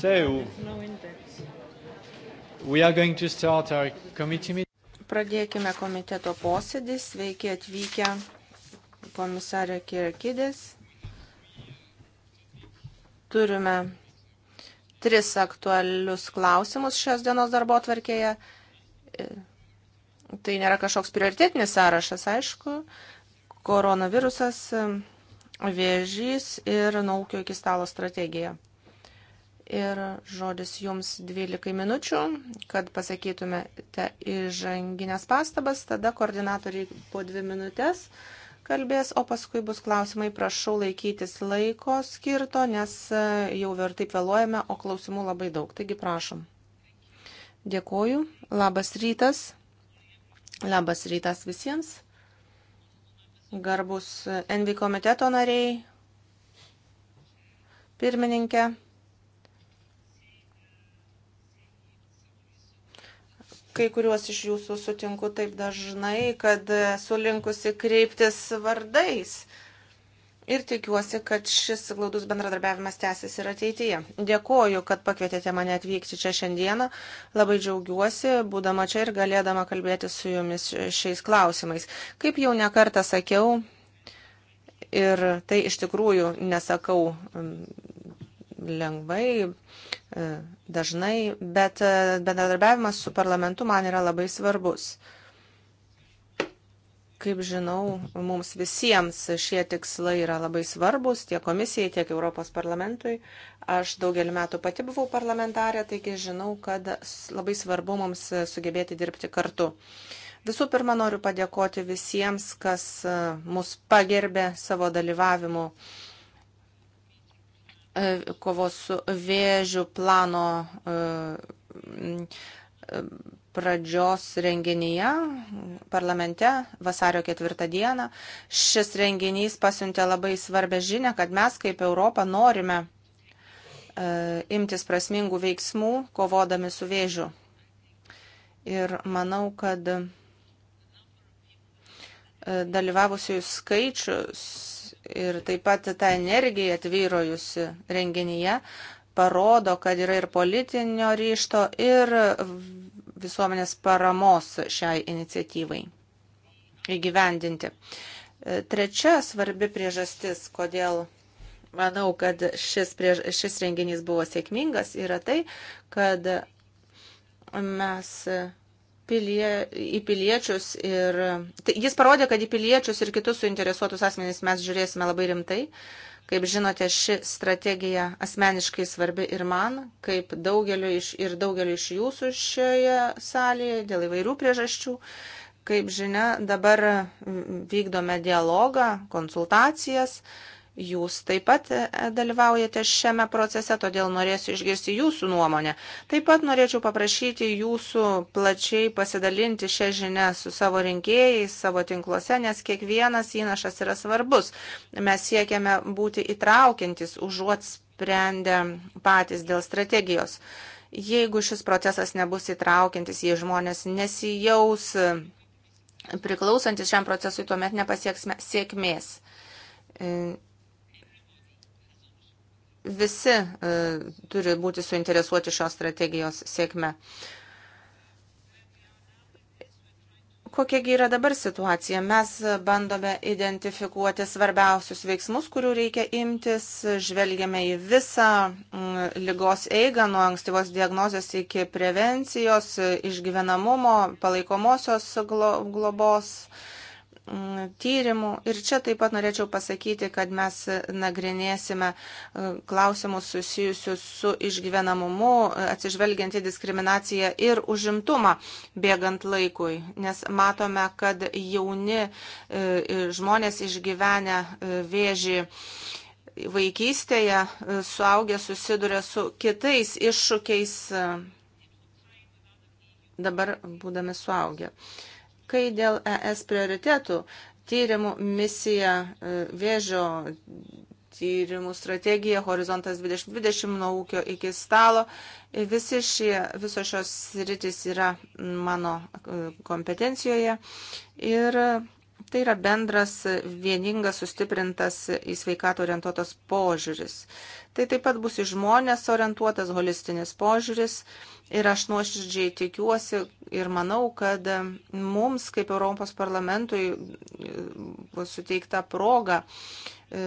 So, we are going to start our committee meeting. Pradėkime komiteto posėdį. Sveiki atvykę komisarė Kirakidės. Turime tris aktualius klausimus šios dienos darbo atvarkėje. Tai nėra kažkoks prioritetinis sąrašas, aišku. Koronavirusas, vėžys ir naukio iki stalo strategija ir žodis jums 12 minučių, kad pasakytumėte įžanginės pastabas, tada koordinatoriai po 2 minutės kalbės, o paskui bus klausimai, prašau laikytis laiko skirto, nes e, jau ir taip vėluojame, o klausimų labai daug, taigi prašom. Dėkoju, labas rytas, labas rytas visiems, garbus Envi komiteto nariai, pirmininkė. kai kuriuos iš jūsų sutinku taip dažnai, kad sulinkusi kreiptis vardais. Ir tikiuosi, kad šis glaudus bendradarbiavimas tęsis ir ateityje. Dėkoju, kad pakvietėte mane atvykti čia šiandieną. Labai džiaugiuosi, būdama čia ir galėdama kalbėti su jumis šiais klausimais. Kaip jau nekartą sakiau, ir tai iš tikrųjų nesakau lengvai, e, dažnai, bet e, bendradarbiavimas su parlamentu man yra labai svarbus. Kaip žinau, mums visiems šie tikslai yra labai svarbus, tiek komisijai, tiek Europos parlamentui. Aš daugelį metų pati buvau parlamentarė, taigi žinau, kad labai svarbu mums e, sugebėti dirbti kartu. Visų pirma, noriu padėkoti visiems, kas mus pagerbė savo dalyvavimu E, kovos su vėžiu plano e, e, pradžios renginyje parlamente vasario ketvirtą dieną. Šis renginys pasiuntė labai svarbę žinę, kad mes kaip Europa norime imtis prasmingų veiksmų kovodami su vėžiu. Ir manau, kad dalyvavusiųjų skaičius ir taip pat ta energija atvyrojusi renginyje parodo, kad yra ir politinio ryšto, ir visuomenės paramos šiai iniciatyvai įgyvendinti. E, trečia svarbi priežastis, kodėl manau, kad šis, priež... šis renginys buvo sėkmingas, yra tai, kad mes pilie, į piliečius ir tai jis parodė, kad į piliečius ir kitus suinteresuotus asmenys mes žiūrėsime labai rimtai. Kaip žinote, ši strategija asmeniškai svarbi ir man, kaip daugeliu iš, ir daugeliu iš jūsų šioje salėje dėl įvairių priežasčių. Kaip žinia, dabar vykdome dialogą, konsultacijas. Uh, Jūs taip pat e, dalyvaujate šiame procese, todėl norėsiu išgirsti jūsų nuomonę. Taip pat norėčiau paprašyti jūsų plačiai pasidalinti šią žinę su savo rinkėjais, savo tinkluose, nes kiekvienas įnašas yra svarbus. Mes siekiame būti įtraukiantis, užuot sprendę patys dėl strategijos. Jeigu šis procesas nebus įtraukiantis, jei žmonės nesijaus e, priklausantis šiam procesui, tuomet nepasieksime sėkmės e, visi e, turi būti suinteresuoti šios strategijos sėkme. Kokiagi yra dabar situacija? Mes bandome identifikuoti svarbiausius veiksmus, kurių reikia imtis, žvelgiame į visą mm, lygos eigą nuo ankstyvos diagnozės iki prevencijos, išgyvenamumo, palaikomosios globos tyrimų. Ir čia taip pat norėčiau pasakyti, kad mes nagrinėsime e, klausimus susijusius su išgyvenamumu, atsižvelgiant į diskriminaciją ir užimtumą bėgant laikui. Nes matome, kad jauni e, žmonės išgyvenę e, vėžį vaikystėje, suaugę susiduria su kitais iššūkiais dabar būdami suaugę. Uh, Kai dėl ES prioritėtų tyrimų misija e, vėžio tyrimų strategija Horizontas 2020 nuo ūkio iki stalo. E, visi šie, visos šios sritis yra mano e, kompetencijoje ir tai yra bendras, vieningas, sustiprintas į sveikatą orientuotas požiūris. Tai taip pat bus į žmonės orientuotas holistinis požiūris ir aš nuoširdžiai tikiuosi ir manau, kad mums kaip Europos parlamentui bus suteikta proga e,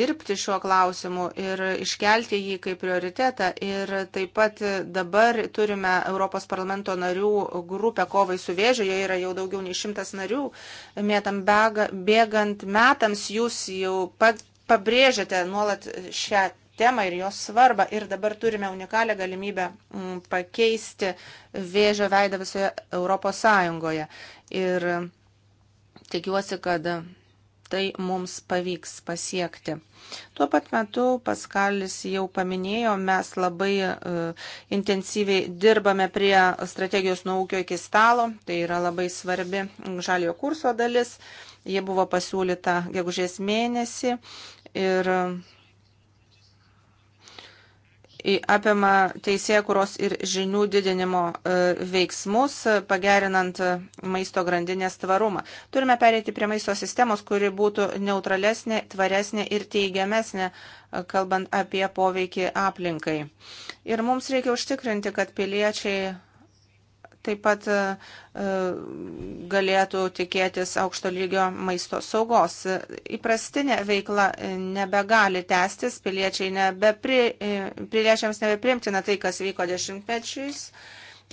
dirbti šiuo klausimu ir iškelti jį kaip prioritetą. Ir taip pat dabar turime Europos parlamento narių grupę kovai su vėžiu, joje yra jau daugiau nei šimtas narių. Mėtam bėgant metams jūs jau pat pabrėžiate nuolat šią temą ir jos svarbą. Ir dabar turime unikalią galimybę mm, pakeisti vėžio veidą visoje Europos Sąjungoje. Ir tikiuosi, kad tai mums pavyks pasiekti. Tuo pat metu Paskalis jau paminėjo, mes labai uh, intensyviai dirbame prie strategijos nuo ūkio iki stalo, tai yra labai svarbi žaliojo kurso dalis, jie buvo pasiūlyta gegužės mėnesį ir uh, apima teisėkuros ir žinių didinimo e, veiksmus, e, pagerinant e, maisto grandinės tvarumą. Turime pereiti prie maisto sistemos, kuri būtų neutralesnė, tvaresnė ir teigiamesnė, kalbant apie poveikį aplinkai. Ir mums reikia užtikrinti, kad piliečiai taip pat e, e, galėtų tikėtis aukšto lygio maisto saugos. Įprastinė veikla nebegali tęstis, piliečiai nebepri, e, piliečiams nebeprimtina tai, kas vyko dešimtmečiais.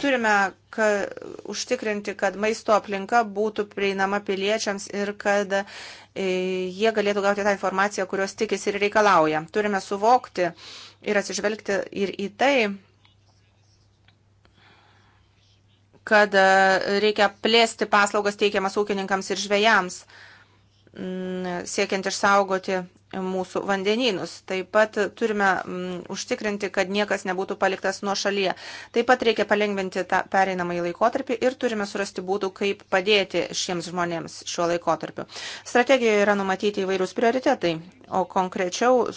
Turime ka, užtikrinti, kad maisto aplinka būtų prieinama piliečiams ir kad e, jie galėtų gauti tą informaciją, kurios tikisi ir reikalauja. Turime suvokti ir atsižvelgti ir į tai, kad e, reikia plėsti paslaugas teikiamas ūkininkams ir žvejams, mm, siekiant išsaugoti mūsų vandenynus. Taip pat turime mm, užtikrinti, kad niekas nebūtų paliktas nuo šalyje. Taip pat reikia palengventi tą pereinamąjį laikotarpį ir turime surasti būdų, kaip padėti šiems žmonėms šiuo laikotarpiu. Strategijoje yra numatyti įvairūs prioritetai, o konkrečiau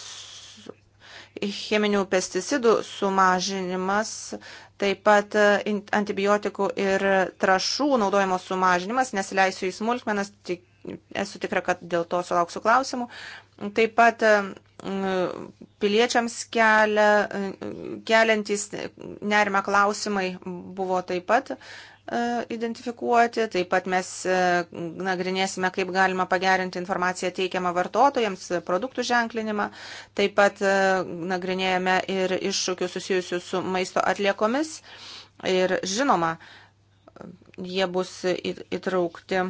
cheminių pesticidų sumažinimas, taip pat e, antibiotikų ir trašų naudojimo sumažinimas, nesileisiu į smulkmenas, tik, esu tikra, kad dėl to sulauksiu klausimų. Taip pat e, piliečiams kelia, e, keliantys nerima klausimai buvo taip pat E, identifikuoti. Taip pat mes e, nagrinėsime, kaip galima pagerinti informaciją teikiamą vartotojams, produktų ženklinimą. Taip pat e, nagrinėjame ir iššūkius susijusius su maisto atliekomis. Ir žinoma, jie bus įtraukti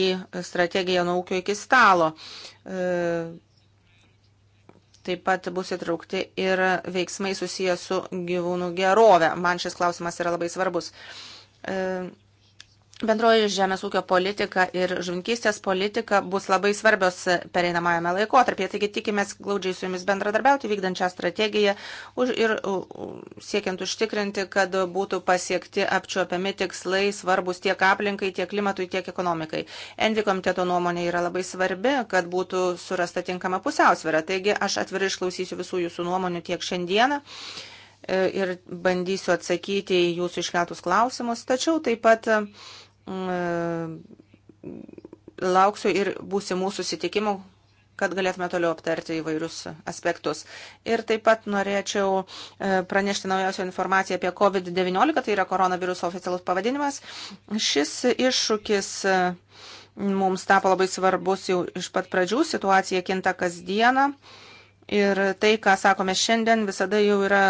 į strategiją nuo ūkio iki stalo. Taip pat bus įtraukti ir veiksmai susijęs su gyvūnų gerove. Man šis klausimas yra labai svarbus. Uh, E, bendroji žemės ūkio politika ir žunkystės politika bus labai svarbios pereinamajame laikotarpyje, taigi tikimės glaudžiai su jumis bendradarbiauti, vykdant šią strategiją už, ir siekiant užtikrinti, kad būtų pasiekti apčiuopiami tikslai svarbus tiek aplinkai, tiek klimatui, tiek ekonomikai. Envi komiteto nuomonė yra labai svarbi, kad būtų surasta tinkama pusiausvėra, taigi aš atvirai išklausysiu visų jūsų nuomonių tiek šiandieną. E, ir bandysiu atsakyti į jūsų iškeltus klausimus, tačiau taip pat e, lauksiu ir būsimų susitikimų, kad galėtume toliau aptarti įvairius aspektus. Ir taip pat norėčiau e, pranešti naujausią informaciją apie COVID-19, tai yra koronaviruso oficialus pavadinimas. Šis iššūkis mums tapo labai svarbus jau iš pat pradžių, situacija kinta kasdieną. Ir tai, ką sakome šiandien, visada jau yra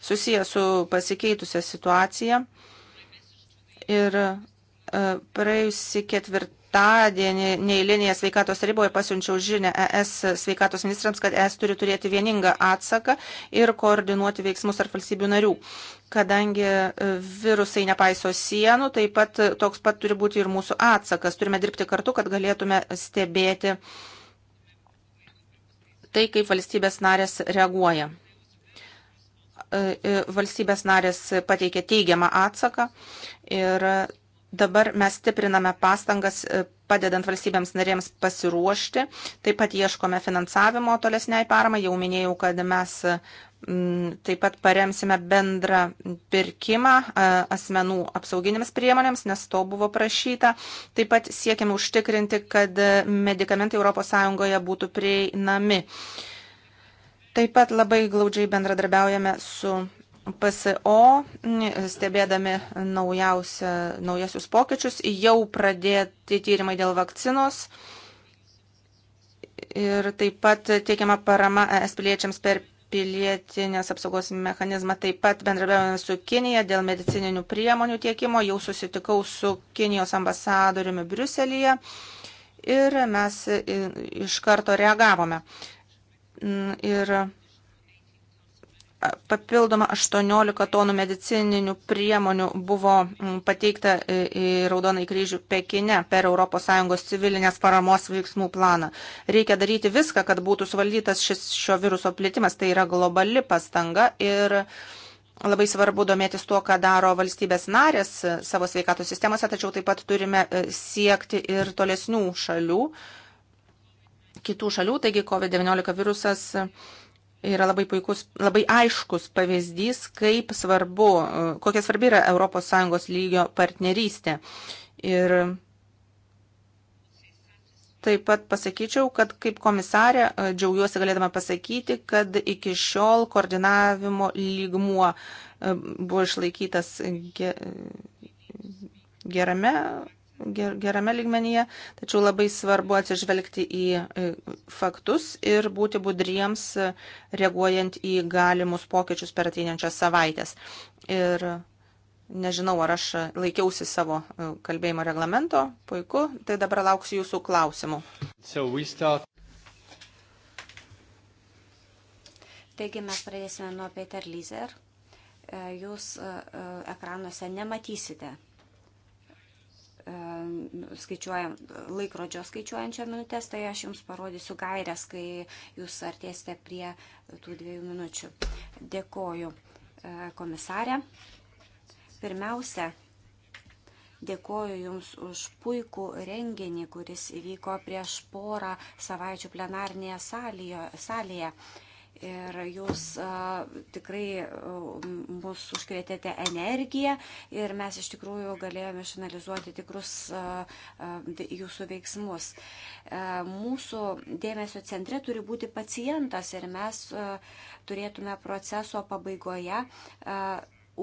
susijęs su pasikeitusią situaciją. Ir e, praėjusį ketvirtadienį neįlinėje sveikatos taryboje pasiunčiau žinę ES sveikatos ministrams, kad ES turi turėti vieningą atsaką ir koordinuoti veiksmus ar valstybių narių. Kadangi e, virusai nepaiso sienų, taip pat e, toks pat turi būti ir mūsų atsakas. Turime dirbti kartu, kad galėtume stebėti tai, kaip valstybės narės reaguoja. E, valstybės narės pateikė teigiamą atsaką ir dabar mes stipriname pastangas e, padedant valstybėms narėms pasiruošti, taip pat ieškome finansavimo tolesniai paramai, jau minėjau, kad mes taip pat paremsime bendrą pirkimą e, asmenų apsauginėms priemonėms, nes to buvo prašyta. Taip pat siekiame užtikrinti, kad medikamentai ES būtų prieinami. Taip pat labai glaudžiai bendradarbiaujame su PSO, stebėdami naujasius pokyčius, jau pradėti tyrimai dėl vakcinos ir taip pat teikiama parama es piliečiams per pilietinės apsaugos mechanizmą. Taip pat bendrabiavome su Kinija dėl medicininių priemonių tiekimo. Jau susitikau su Kinijos ambasadoriumi Briuselėje ir mes iš karto reagavome. Mm, ir papildoma 18 tonų medicininių priemonių buvo mm, pateikta į Raudonai kryžių Pekine per ES civilinės paramos veiksmų planą. Reikia daryti viską, kad būtų suvaldytas šis šio viruso plitimas. Tai yra globali pastanga ir labai svarbu domėtis tuo, ką daro valstybės narės savo sveikatos sistemose, tačiau taip pat turime e, siekti ir tolesnių šalių kitų šalių, taigi COVID-19 virusas yra labai puikus, labai aiškus pavyzdys, kaip svarbu, kokia svarbi yra ES lygio partnerystė. Ir taip pat pasakyčiau, kad kaip komisarė e, džiaugiuosi galėdama pasakyti, kad iki šiol koordinavimo lygmuo e, buvo išlaikytas gerame ger, gerame ligmenyje, tačiau labai svarbu atsižvelgti į faktus ir būti budriems, e, reaguojant į galimus pokyčius per ateinančias savaitės. Ir nežinau, ar aš laikiausi savo e, kalbėjimo reglamento, puiku, tai dabar lauksiu jūsų klausimų. So start... Taigi mes pradėsime nuo Peter Lizer. E, jūs ekranuose nematysite skaičiuojam, laikrodžio skaičiuojančio minutės, tai aš jums parodysiu gairias, kai jūs artėsite prie tų dviejų minučių. Dėkoju e, komisarė. Pirmiausia, Dėkoju Jums už puikų renginį, kuris įvyko prieš porą savaičių plenarnėje salėje. salėje. Ir jūs tikrai mus užkrėtėte energiją ir mes iš tikrųjų galėjome išanalizuoti tikrus jūsų veiksmus. Mūsų dėmesio centre turi būti pacientas ir mes turėtume proceso pabaigoje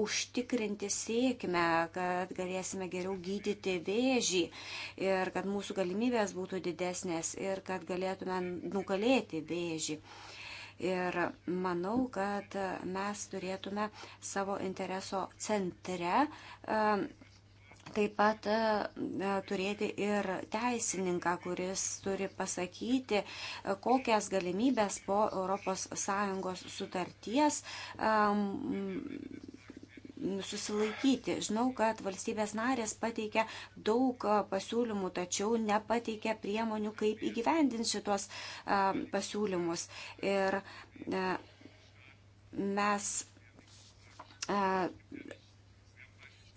užtikrinti sėkmę, kad galėsime geriau gydyti vėžį ir kad mūsų galimybės būtų didesnės ir kad galėtume nugalėti vėžį. Uh, Ir manau, kad mes turėtume savo intereso centre taip pat turėti ir teisininką, kuris turi pasakyti, kokias galimybės po ES sutarties susilaikyti. Žinau, kad valstybės narės pateikia daug pasiūlymų, tačiau nepateikia priemonių, kaip įgyvendinti šitos pasiūlymus. Ir mes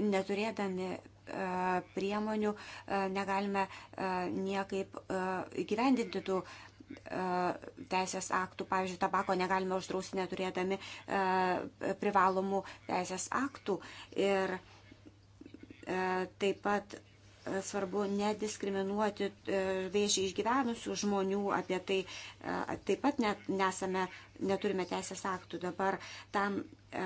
neturėdami priemonių negalime niekaip įgyvendinti tų teisės aktų. Pavyzdžiui, tabako negalime uždrausti neturėdami e, privalomų teisės aktų. Ir e, taip pat svarbu nediskriminuoti e, vėžį išgyvenusių žmonių, apie tai e, taip pat net nesame, neturime teisės aktų dabar tam, e,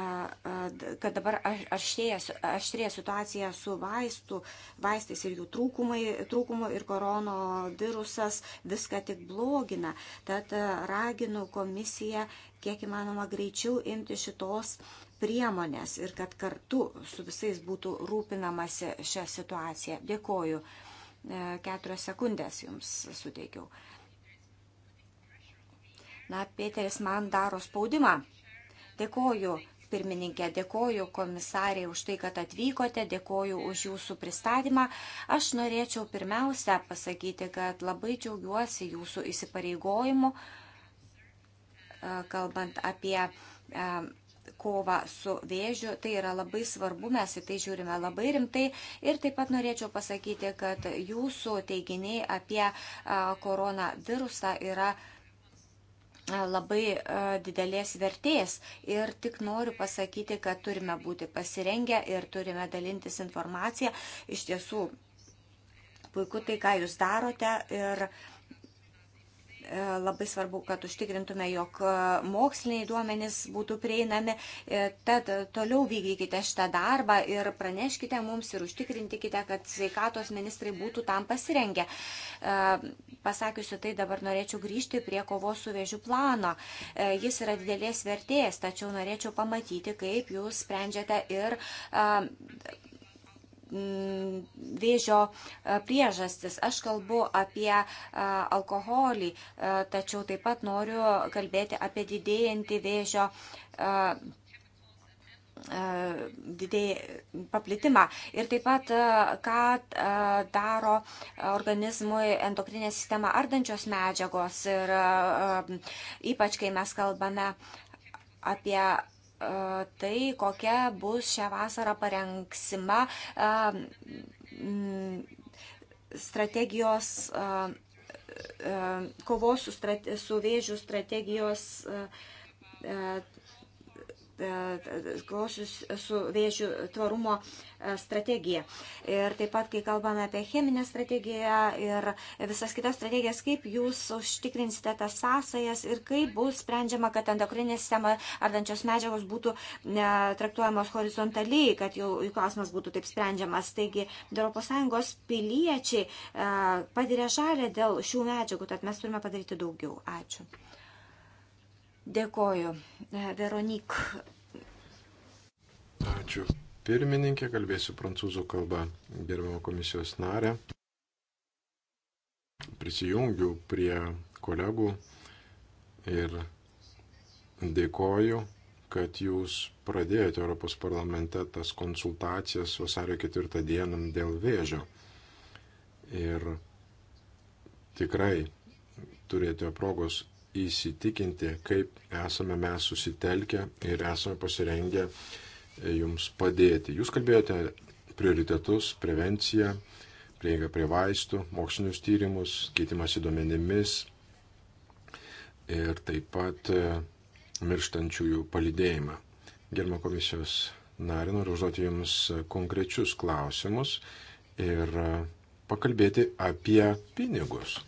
kad dabar aštrėja situacija su vaistų, vaistais ir jų trūkumai, trūkumu ir koronavirusas viską tik blogina. Tad raginu komisiją kiek įmanoma greičiau imti šitos priemonės ir kad kartu su visais būtų rūpinamasi šią situaciją. Dėkoju. E, Keturias sekundės jums suteikiau. Na, Peteris man daro spaudimą. Dėkoju pirmininkė, dėkoju komisariai už tai, kad atvykote, dėkoju už jūsų pristatymą. Aš norėčiau pirmiausia pasakyti, kad labai džiaugiuosi jūsų įsipareigojimu, e, kalbant apie e, kovą su vėžiu. Tai yra labai svarbu, mes į tai žiūrime labai rimtai. Ir taip pat norėčiau pasakyti, kad jūsų teiginiai apie koronavirusą yra labai didelės vertės ir tik noriu pasakyti, kad turime būti pasirengę ir turime dalintis informaciją. Iš tiesų, puiku tai, ką jūs darote ir uh, E, labai svarbu, kad užtikrintume, jog e, moksliniai duomenys būtų prieinami. E, tad toliau vykdykite šitą darbą ir praneškite mums ir užtikrintikite, kad sveikatos ministrai būtų tam pasirengę. Pasakiusiu tai, dabar norėčiau grįžti prie kovos su vėžiu plano. Jis yra didelės vertės, tačiau norėčiau pamatyti, kaip jūs sprendžiate ir Mm, vėžio e, priežastis. Aš kalbu apie e, alkoholį, e, tačiau taip pat noriu kalbėti apie didėjantį vėžio didėjai paplitimą ir taip pat, ką daro organizmui endokrinė sistema ardančios medžiagos ir ypač, kai mes kalbame apie tai, kokia bus šią vasarą parengsima strategijos kovos su, strate, su vėžių strategijos kovosius e, su vėžiu tvarumo e, strategija. Ir taip pat, kai kalbame apie cheminę strategiją ir visas kitas strategijas, kaip jūs užtikrinsite tas sąsajas ir kaip bus sprendžiama, kad endokrininė sistema ardančios medžiagos būtų e, traktuojamos horizontaliai, kad jų, jų klausimas būtų taip sprendžiamas. Taigi, ES piliečiai patiria žalę dėl šių medžiagų, tad mes turime padaryti daugiau. Ačiū. Dėkoju. E, Veronik. Ačiū. Pirmininkė, kalbėsiu prancūzų kalba, gerbiamo komisijos narė. Prisijungiu prie kolegų ir dėkoju, kad jūs pradėjote Europos parlamente tas konsultacijas vasario 4 dienam dėl vėžio. Ir tikrai turėjote progos įsitikinti, kaip esame mes susitelkę ir esame pasirengę e, jums padėti. Jūs kalbėjote prioritetus, prevenciją, prieigą prie vaistų, mokslinius tyrimus, keitimąsi duomenimis ir taip pat e, mirštančiųjų palidėjimą. Germa komisijos narį noriu užduoti Jums konkrečius klausimus ir e, pakalbėti apie pinigus.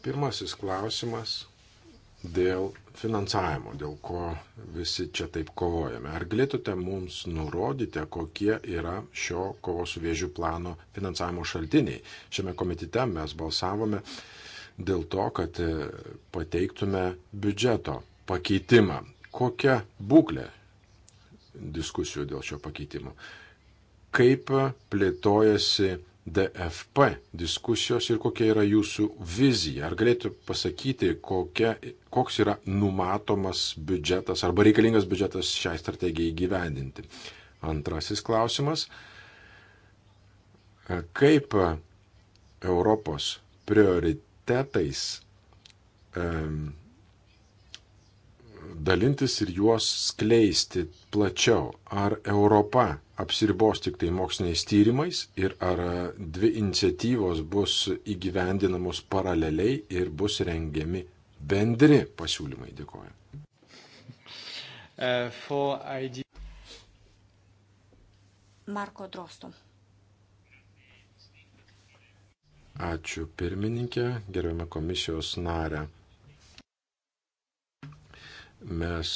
Pirmasis klausimas dėl finansavimo, dėl ko visi čia taip kovojame. Ar galėtumėte mums nurodyti, kokie yra šio kovos su vėžiu plano finansavimo šaltiniai? Šiame komitete mes balsavome dėl to, kad e, pateiktume biudžeto pakeitimą. Kokia būklė diskusijų dėl šio pakeitimo? Kaip plėtojasi DFP diskusijos ir kokia yra jūsų vizija. Ar galėtų pasakyti, kokia, koks yra numatomas biudžetas arba reikalingas biudžetas šiai strategijai gyvendinti? Antrasis klausimas. Kaip Europos prioritetais dalintis ir juos skleisti plačiau. Ar Europa apsiribos tik tai moksliniais tyrimais ir ar dvi iniciatyvos bus įgyvendinamos paraleliai ir bus rengiami bendri pasiūlymai. Dėkuoju. Uh, Marko Drosto. Ačiū pirmininkė, gerbiame komisijos narę mes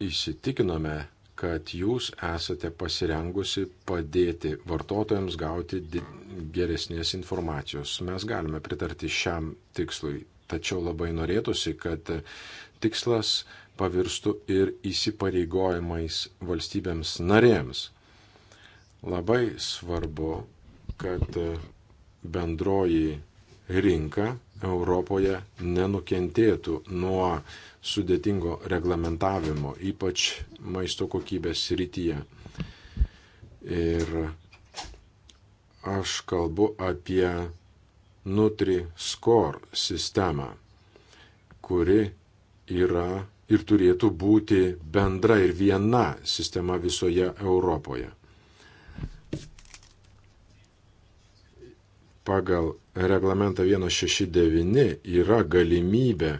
įsitikinome, kad jūs esate pasirengusi padėti vartotojams gauti geresnės informacijos. Mes galime pritarti šiam tikslui, tačiau labai norėtųsi, kad tikslas pavirstų ir įsipareigojimais valstybėms narėms. Labai svarbu, kad bendroji rinka Europoje nenukentėtų nuo sudėtingo reglamentavimo, ypač maisto kokybės srityje. Ir aš kalbu apie NutriScore sistemą, kuri yra ir turėtų būti bendra ir viena sistema visoje Europoje. Pagal reglamentą 169 yra galimybė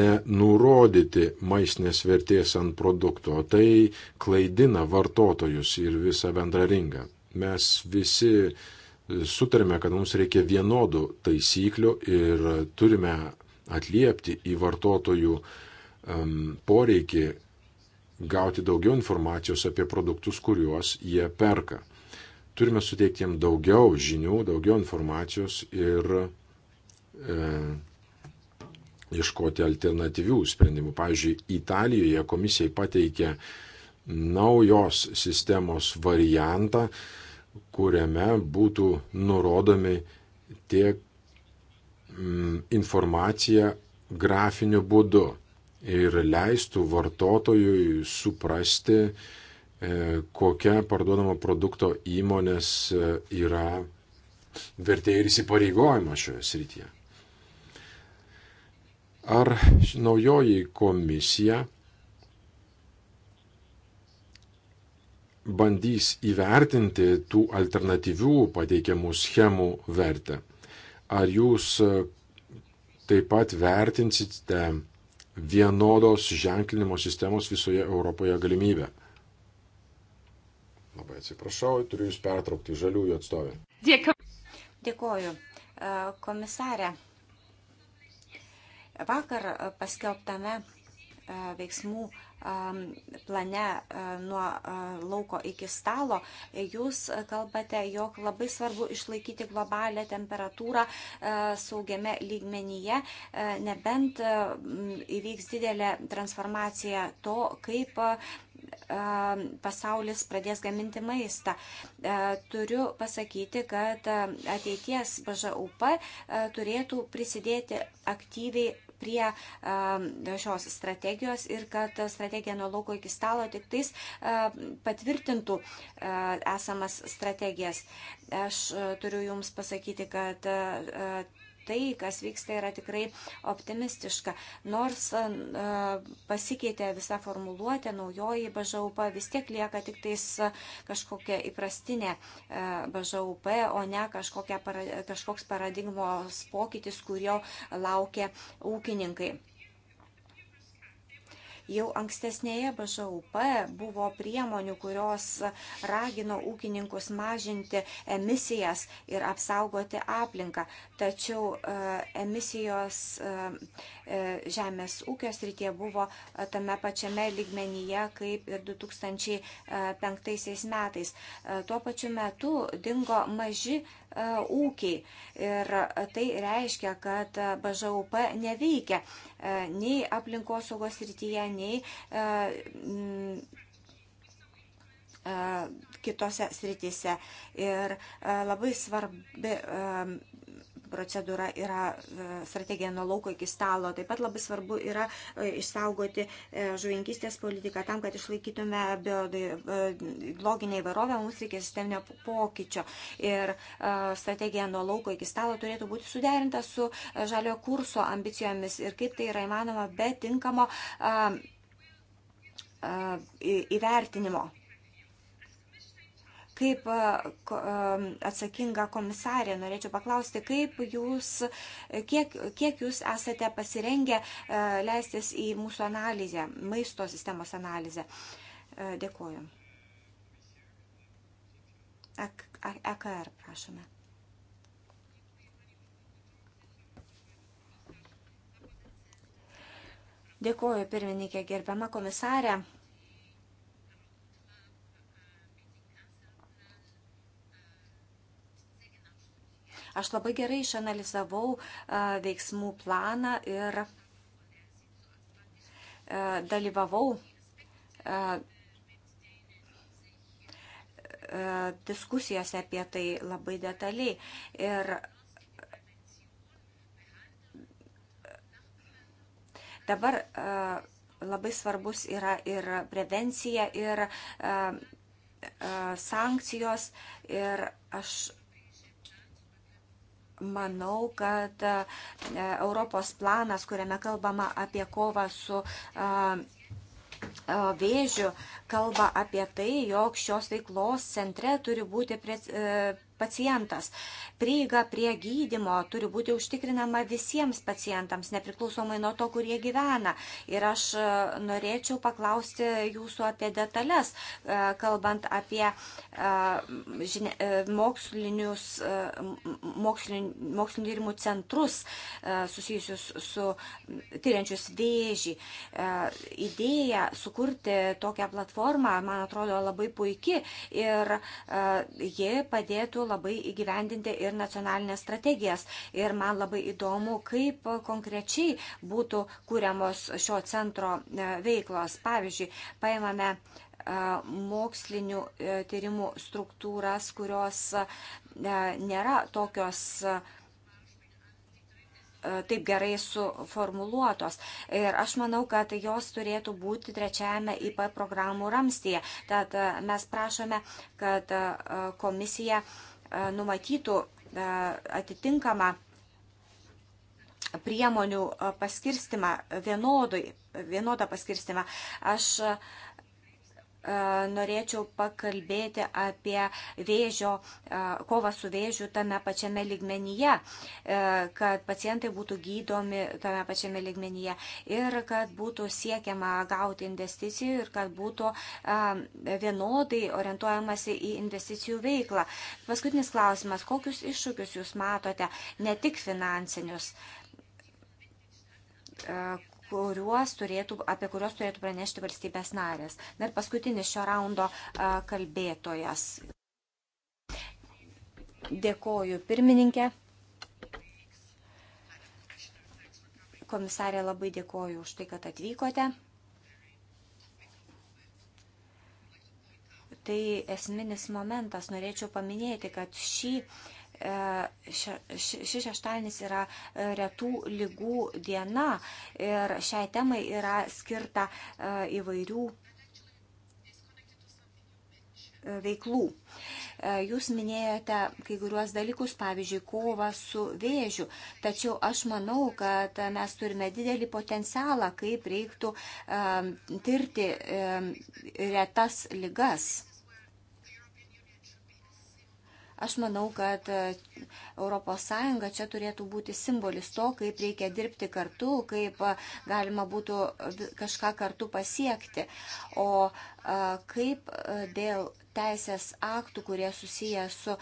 nenurodyti maistinės vertės ant produkto, o tai klaidina vartotojus ir visą bendrą rinką. Mes visi sutarėme, kad mums reikia vienodų taisyklių ir turime atliepti į vartotojų um, poreikį gauti daugiau informacijos apie produktus, kuriuos jie perka. Turime suteikti jiem daugiau žinių, daugiau informacijos ir e, ieškoti alternatyvių sprendimų. Pavyzdžiui, Italijoje komisijai pateikė naujos sistemos variantą, kuriame būtų nurodomi tiek mm, informacija grafiniu būdu ir leistų vartotojui suprasti, E, kokia parduodamo produkto įmonės e, yra vertė ir įsipareigojimas šioje srityje. Ar naujoji komisija bandys įvertinti tų alternatyvių pateikiamų schemų vertę? Ar jūs e, taip pat vertinsite vienodos ženklinimo sistemos visoje Europoje galimybę? Labai atsiprašau, turiu Jūs pertraukti žaliųjų atstovę. Dėkui. Dėkuoju. E, komisarė, vakar paskelbtame e, veiksmų e, plane nuo lauko iki stalo, jūs kalbate, jog labai svarbu išlaikyti globalę temperatūrą saugiame lygmenyje, nebent įvyks didelė transformacija to, kaip E, pasaulis pradės gaminti maistą. E, turiu pasakyti, kad ateities BŽUP e, turėtų prisidėti aktyviai prie šios strategijos ir kad strategija nuo lauko iki stalo tik tais patvirtintų esamas strategijas. Aš turiu Jums pasakyti, kad tai, kas vyksta, yra tikrai optimistiška. Nors e, pasikeitė visa formuluotė, naujoji bažaupa vis tiek lieka tik tais kažkokia įprastinė e, bažaupa, o ne kažkokia, kažkoks paradigmos pokytis, kurio laukia ūkininkai. Jau ankstesnėje BŽUP buvo priemonių, kurios ragino ūkininkus mažinti emisijas ir apsaugoti aplinką. Tačiau e, emisijos e, e, žemės ūkio srityje buvo tame pačiame lygmenyje kaip ir 2005 metais. Tuo pačiu metu dingo maži E, ūkiai. Ir tai reiškia, kad BŽUP neveikia e, nei aplinkosaugos rytyje, nei e, kitose sritise. Ir labai svarbi procedūra yra e, strategija nuo lauko iki stalo. Taip pat labai svarbu yra e, išsaugoti e, žuvinkistės politiką tam, kad išlaikytume biologinę įvairovę, mums reikia sisteminio pokyčio. Ir strategija nuo lauko iki stalo turėtų būti suderinta su žalio kurso ambicijomis ir kaip tai yra įmanoma be tinkamo įvertinimo Kaip atsakinga komisarė, norėčiau paklausti, kaip jūs, kiek, kiek jūs esate pasirengę leistis į mūsų analizę, maisto sistemos analizę. Dėkuoju. EKR, prašome. Dėkuoju, pirmininkė, gerbiama komisarė. Aš labai gerai išanalizavau veiksmų planą ir dalyvavau diskusijose apie tai labai detaliai. Ir dabar labai svarbus yra ir prevencija, ir sankcijos. Ir aš manau, kad e, Europos planas, kuriame kalbama apie kovą su e, e, vėžiu, kalba apie tai, jog šios veiklos centre turi būti pacientas. Prieiga prie gydimo turi būti užtikrinama visiems pacientams, nepriklausomai nuo to, kur jie gyvena. Ir aš e, norėčiau paklausti jūsų apie detalės, e, kalbant apie e, žinia, mokslinius, mokslin, mokslinio tyrimų centrus susijusius su tyriančius vėžį. Idėja sukurti tokią platformą, man atrodo, labai puikia ir ji padėtų labai įgyvendinti ir nacionalinės strategijas. Ir man labai įdomu, kaip konkrečiai būtų kūriamos šio centro e, veiklos. Pavyzdžiui, paimame e, mokslinių e, tyrimų struktūras, kurios nėra tokios taip gerai suformuluotos. Ir aš manau, kad jos turėtų būti trečiajame IP programų ramstyje. Tad mes prašome, kad komisija E, numatytų e, atitinkamą priemonių e, paskirstimą vienodai, vienodą paskirstimą. Aš E, norėčiau pakalbėti apie vėžio, e, kovą su vėžiu tame pačiame ligmenyje, e, kad pacientai būtų gydomi tame pačiame ligmenyje ir kad būtų siekiama gauti investicijų ir kad būtų vienodai orientuojamasi į investicijų veiklą. Paskutinis klausimas, kokius iššūkius jūs matote, ne tik finansinius? kuriuos turėtų, apie kuriuos turėtų pranešti valstybės narės. Dar paskutinis šio raundo kalbėtojas. Dėkoju pirmininkė. Komisarė, labai dėkoju už tai, kad atvykote. Tai esminis momentas. Norėčiau paminėti, kad šį uh, E, šis šeštadienis yra e, retų lygų diena ir šiai temai yra skirta e, įvairių veiklų. Jūs minėjote kai kuriuos dalykus, pavyzdžiui, kovą su vėžiu, tačiau aš manau, kad mes turime didelį potencialą, kaip reiktų um, tirti um, retas lygas. Aš manau, kad ES čia turėtų būti simbolis to, kaip reikia dirbti kartu, kaip e, galima būtų e, kažką kartu pasiekti. O e, kaip dėl teisės aktų, kurie susiję su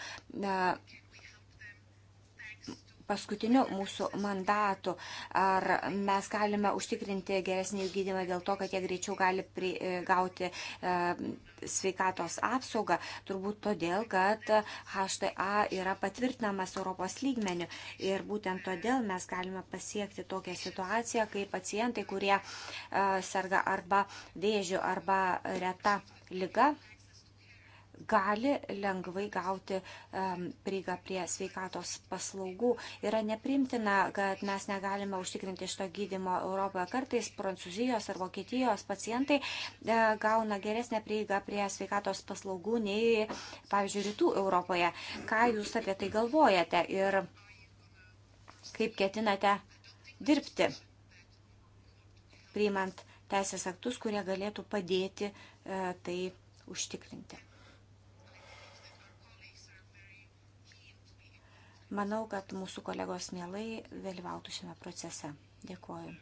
paskutiniu mūsų mandatu, ar mes galime užtikrinti geresnį jų gydymą dėl to, kad jie greičiau gali pri, gauti e, sveikatos apsaugą, turbūt todėl, kad HTA yra patvirtinamas Europos lygmenių. Ir būtent todėl mes galime pasiekti tokią situaciją, kai pacientai, kurie e, serga arba vėžių, arba reta lyga, gali lengvai gauti prieigą prie sveikatos paslaugų. Yra neprimtina, kad mes negalime užtikrinti šito gydimo Europoje. Kartais Prancūzijos ar Vokietijos pacientai e, gauna geresnę prieigą prie sveikatos paslaugų nei, pavyzdžiui, rytų Europoje. Ką jūs apie tai galvojate ir kaip ketinate dirbti, priimant teisės aktus, kurie galėtų padėti e, tai užtikrinti. Manau, kad mūsų kolegos mielai dalyvautų šiame procese. Dėkuoju.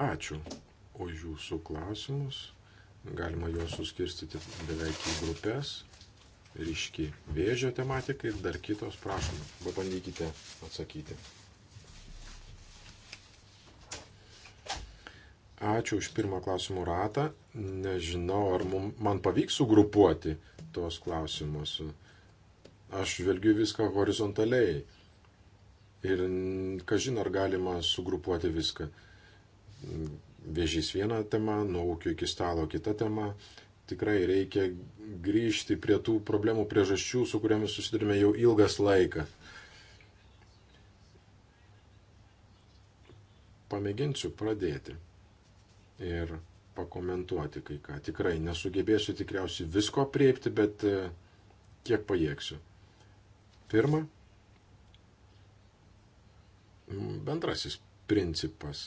Ačiū už jūsų klausimus. Galima juos suskirstyti beveik į grupės. Ryški vėžio tematika ir dar kitos, prašom, pabandykite atsakyti. Ačiū už pirmą klausimų ratą. Nežinau, ar mum, man pavyks sugrupuoti tuos klausimus. Uh, Aš žvelgiu viską horizontaliai. Ir kažin ar galima sugrupuoti viską. Vėžys viena tema, nuo ūkio iki stalo kita tema. Tikrai reikia grįžti prie tų problemų priežasčių, su kuriamis susidurime jau ilgas laikas. Pamėginsiu pradėti ir pakomentuoti kai ką. Tikrai nesugebėsiu tikriausiai visko priepti, bet e, kiek pajėgsiu. Pirma, mm, bendrasis principas.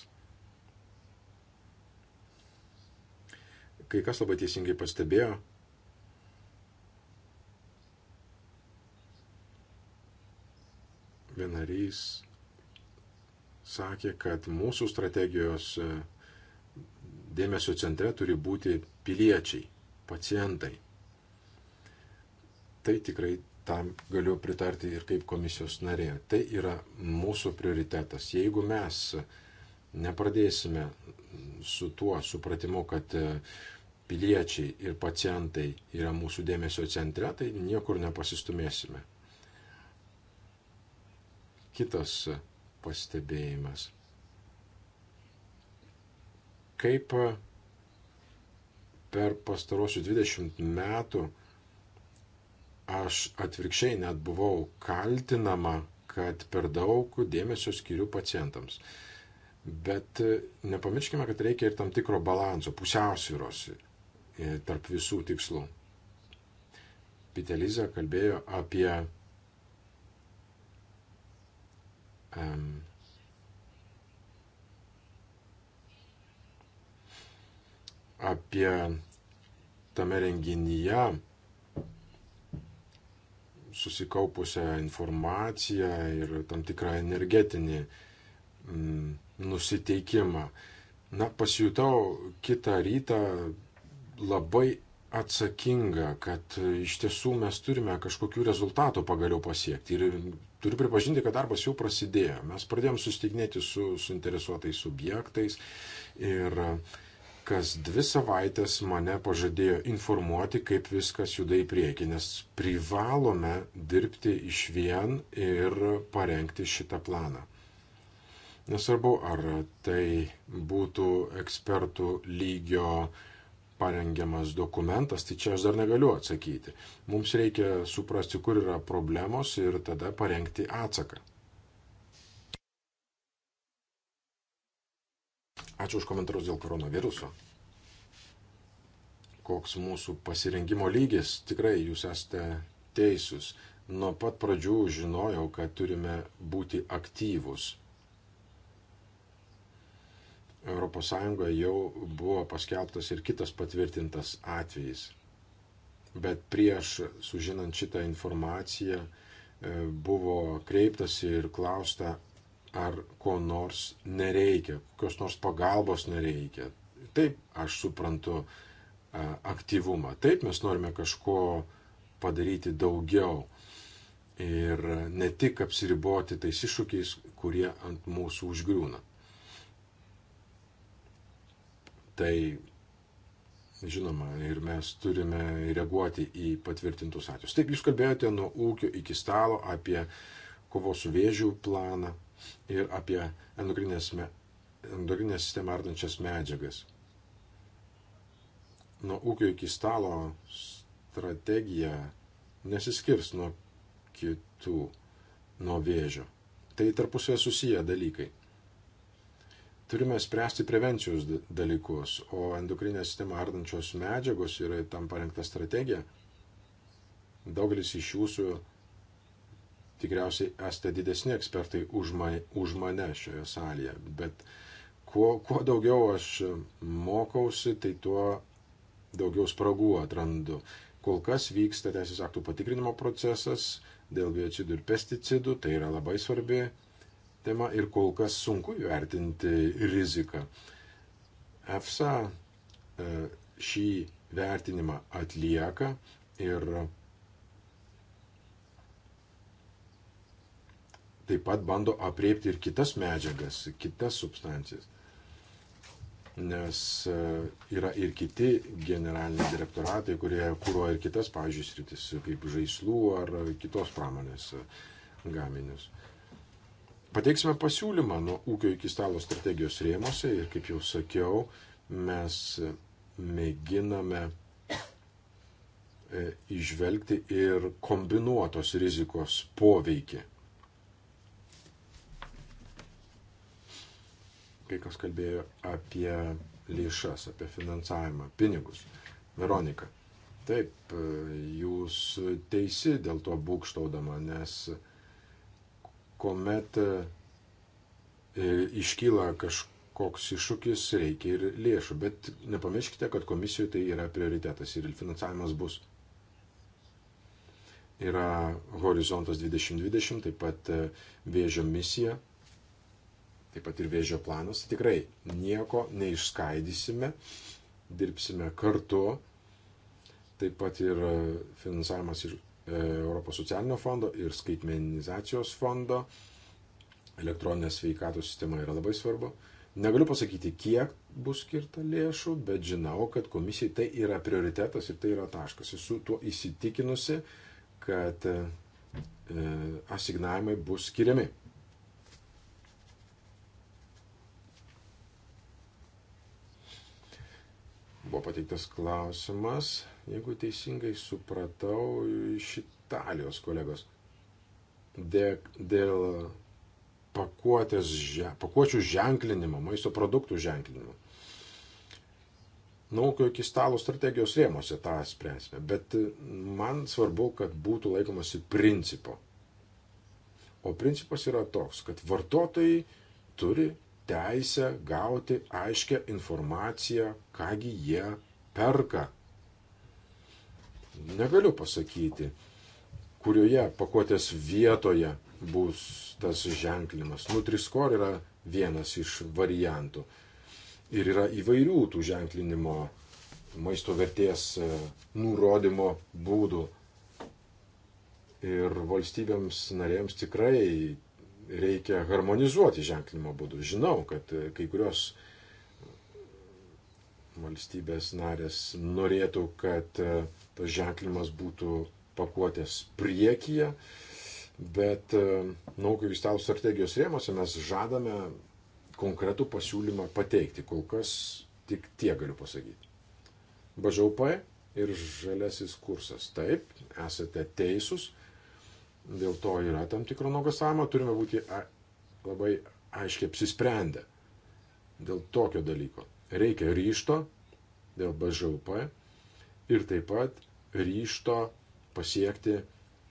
Kai kas labai teisingai pastebėjo, vienarys sakė, kad mūsų strategijos e, dėmesio centre turi būti piliečiai, pacientai. Tai tikrai tam galiu pritarti ir kaip komisijos narė. Tai yra mūsų prioritetas. Jeigu mes nepradėsime su tuo supratimu, kad e, piliečiai ir pacientai yra mūsų dėmesio centre, tai niekur nepasistumėsime. Kitas pastebėjimas. Kaip per pastarosius 20 metų Aš atvirkščiai net buvau kaltinama, kad per daug dėmesio skiriu pacientams. Bet e, nepamirškime, kad reikia ir tam tikro balanso, pusiausvyros e, tarp visų tikslų. Piteliza kalbėjo apie um, apie tame renginyje susikaupusią informaciją ir tam tikrą energetinį mm, nusiteikimą. Na, pasijutau kitą rytą labai atsakinga, kad iš tiesų mes turime kažkokių rezultatų pagaliau pasiekti. Ir turiu pripažinti, kad darbas jau prasidėjo. Mes pradėjom susitikinėti su suinteresuotais subjektais ir uh, kas dvi savaitės mane pažadėjo informuoti, kaip viskas juda į priekį, nes privalome dirbti iš vien ir parengti šitą planą. Nesvarbu, ar tai būtų ekspertų lygio parengiamas dokumentas, tai čia aš dar negaliu atsakyti. Mums reikia suprasti, kur yra problemos ir tada parengti atsaką. Ačiū už komentarus dėl koronaviruso. Koks mūsų pasirengimo lygis, tikrai jūs esate teisūs. Nuo pat pradžių žinojau, kad turime būti aktyvus. ES jau buvo paskelbtas ir kitas patvirtintas atvejis. Bet prieš sužinant šitą informaciją e, buvo kreiptas ir klausta, ar ko nors nereikia, kokios nors pagalbos nereikia. Taip aš suprantu aktyvumą. Taip mes norime kažko padaryti daugiau ir ne tik apsiriboti tais iššūkiais, kurie ant mūsų užgriūna. Tai žinoma, ir mes turime reaguoti į patvirtintus atvejus. Taip jūs kalbėjote nuo ūkio iki stalo apie kovos su vėžių planą ir apie endokrinės, endokrinę sistemą ardančias medžiagas. Nuo ūkio iki stalo strategija nesiskirs nuo kitų, nuo vėžio. Tai tarpusvė susiję dalykai. Turime spręsti prevencijos dalykus, o endokrinę sistemą ardančios medžiagos yra tam parengta strategija. Daugelis iš jūsų Tikriausiai esate didesni ekspertai už, ma, už mane šioje salėje, bet kuo, kuo daugiau aš mokausi, tai tuo daugiau spragų atrandu. Kol kas vyksta teisės aktų patikrinimo procesas dėl biocidų ir pesticidų, tai yra labai svarbi tema ir kol kas sunku įvertinti riziką. EFSA e, šį vertinimą atlieka ir taip pat bando apriepti ir kitas medžiagas, kitas substancijas. Nes e, yra ir kiti generaliniai direktoratai, kurie kūruoja ir kitas, pavyzdžiui, sritis, kaip žaislų ar kitos pramonės e, gaminius. Pateiksime pasiūlymą nuo ūkio iki stalo strategijos rėmose ir, kaip jau sakiau, mes e, mėginame išvelgti ir kombinuotos rizikos poveikį. kai kas kalbėjo apie lėšas, apie finansavimą, pinigus. Veronika, taip, jūs teisi dėl to būkštaudama, nes kuomet e, iškyla kažkoks iššūkis, reikia ir lėšų. Bet nepamirškite, kad komisijoje tai yra prioritetas ir finansavimas bus. Yra horizontas 2020, taip pat e, vėžio misija taip pat ir vėžio planus. Tikrai nieko neišskaidysime, dirbsime kartu, taip pat ir e, finansavimas ir e, Europos socialinio fondo, ir skaitmenizacijos fondo, elektroninės veikatos sistema yra labai svarbu. Negaliu pasakyti, kiek bus skirta lėšų, bet žinau, kad komisijai tai yra prioritetas ir tai yra taškas. Esu tuo įsitikinusi, kad e, asignavimai bus skiriami. Buvo pateiktas klausimas, jeigu teisingai supratau, iš Italijos kolegos. De, dėl žen, pakuočių ženklinimo, maisto produktų ženklinimo. Naukio iki stalo strategijos rėmose tą spręsime, bet man svarbu, kad būtų laikomasi principo. O principas yra toks, kad vartotojai turi teisę gauti aiškę informaciją, kągi jie perka. Negaliu pasakyti, kurioje pakuotės vietoje bus tas ženklimas. Nutriskor yra vienas iš variantų. Ir yra įvairių tų ženklinimo maisto vertės e, nurodymo būdų. Ir valstybėms narėms tikrai reikia harmonizuoti ženklinimo būdų. Žinau, kad e, kai kurios e, valstybės narės norėtų, kad e, tas ženklinimas būtų pakuotės priekyje, bet naukio nu, įstalų strategijos rėmose mes žadame konkretų pasiūlymą pateikti. Kol kas tik tie galiu pasakyti. BŽP ir žalesis kursas. Taip, esate teisūs Dėl to yra tam tikro nuogasamo, turime būti labai aiškiai apsisprendę dėl tokio dalyko. Reikia ryšto dėl BŽUP ir taip pat ryšto pasiekti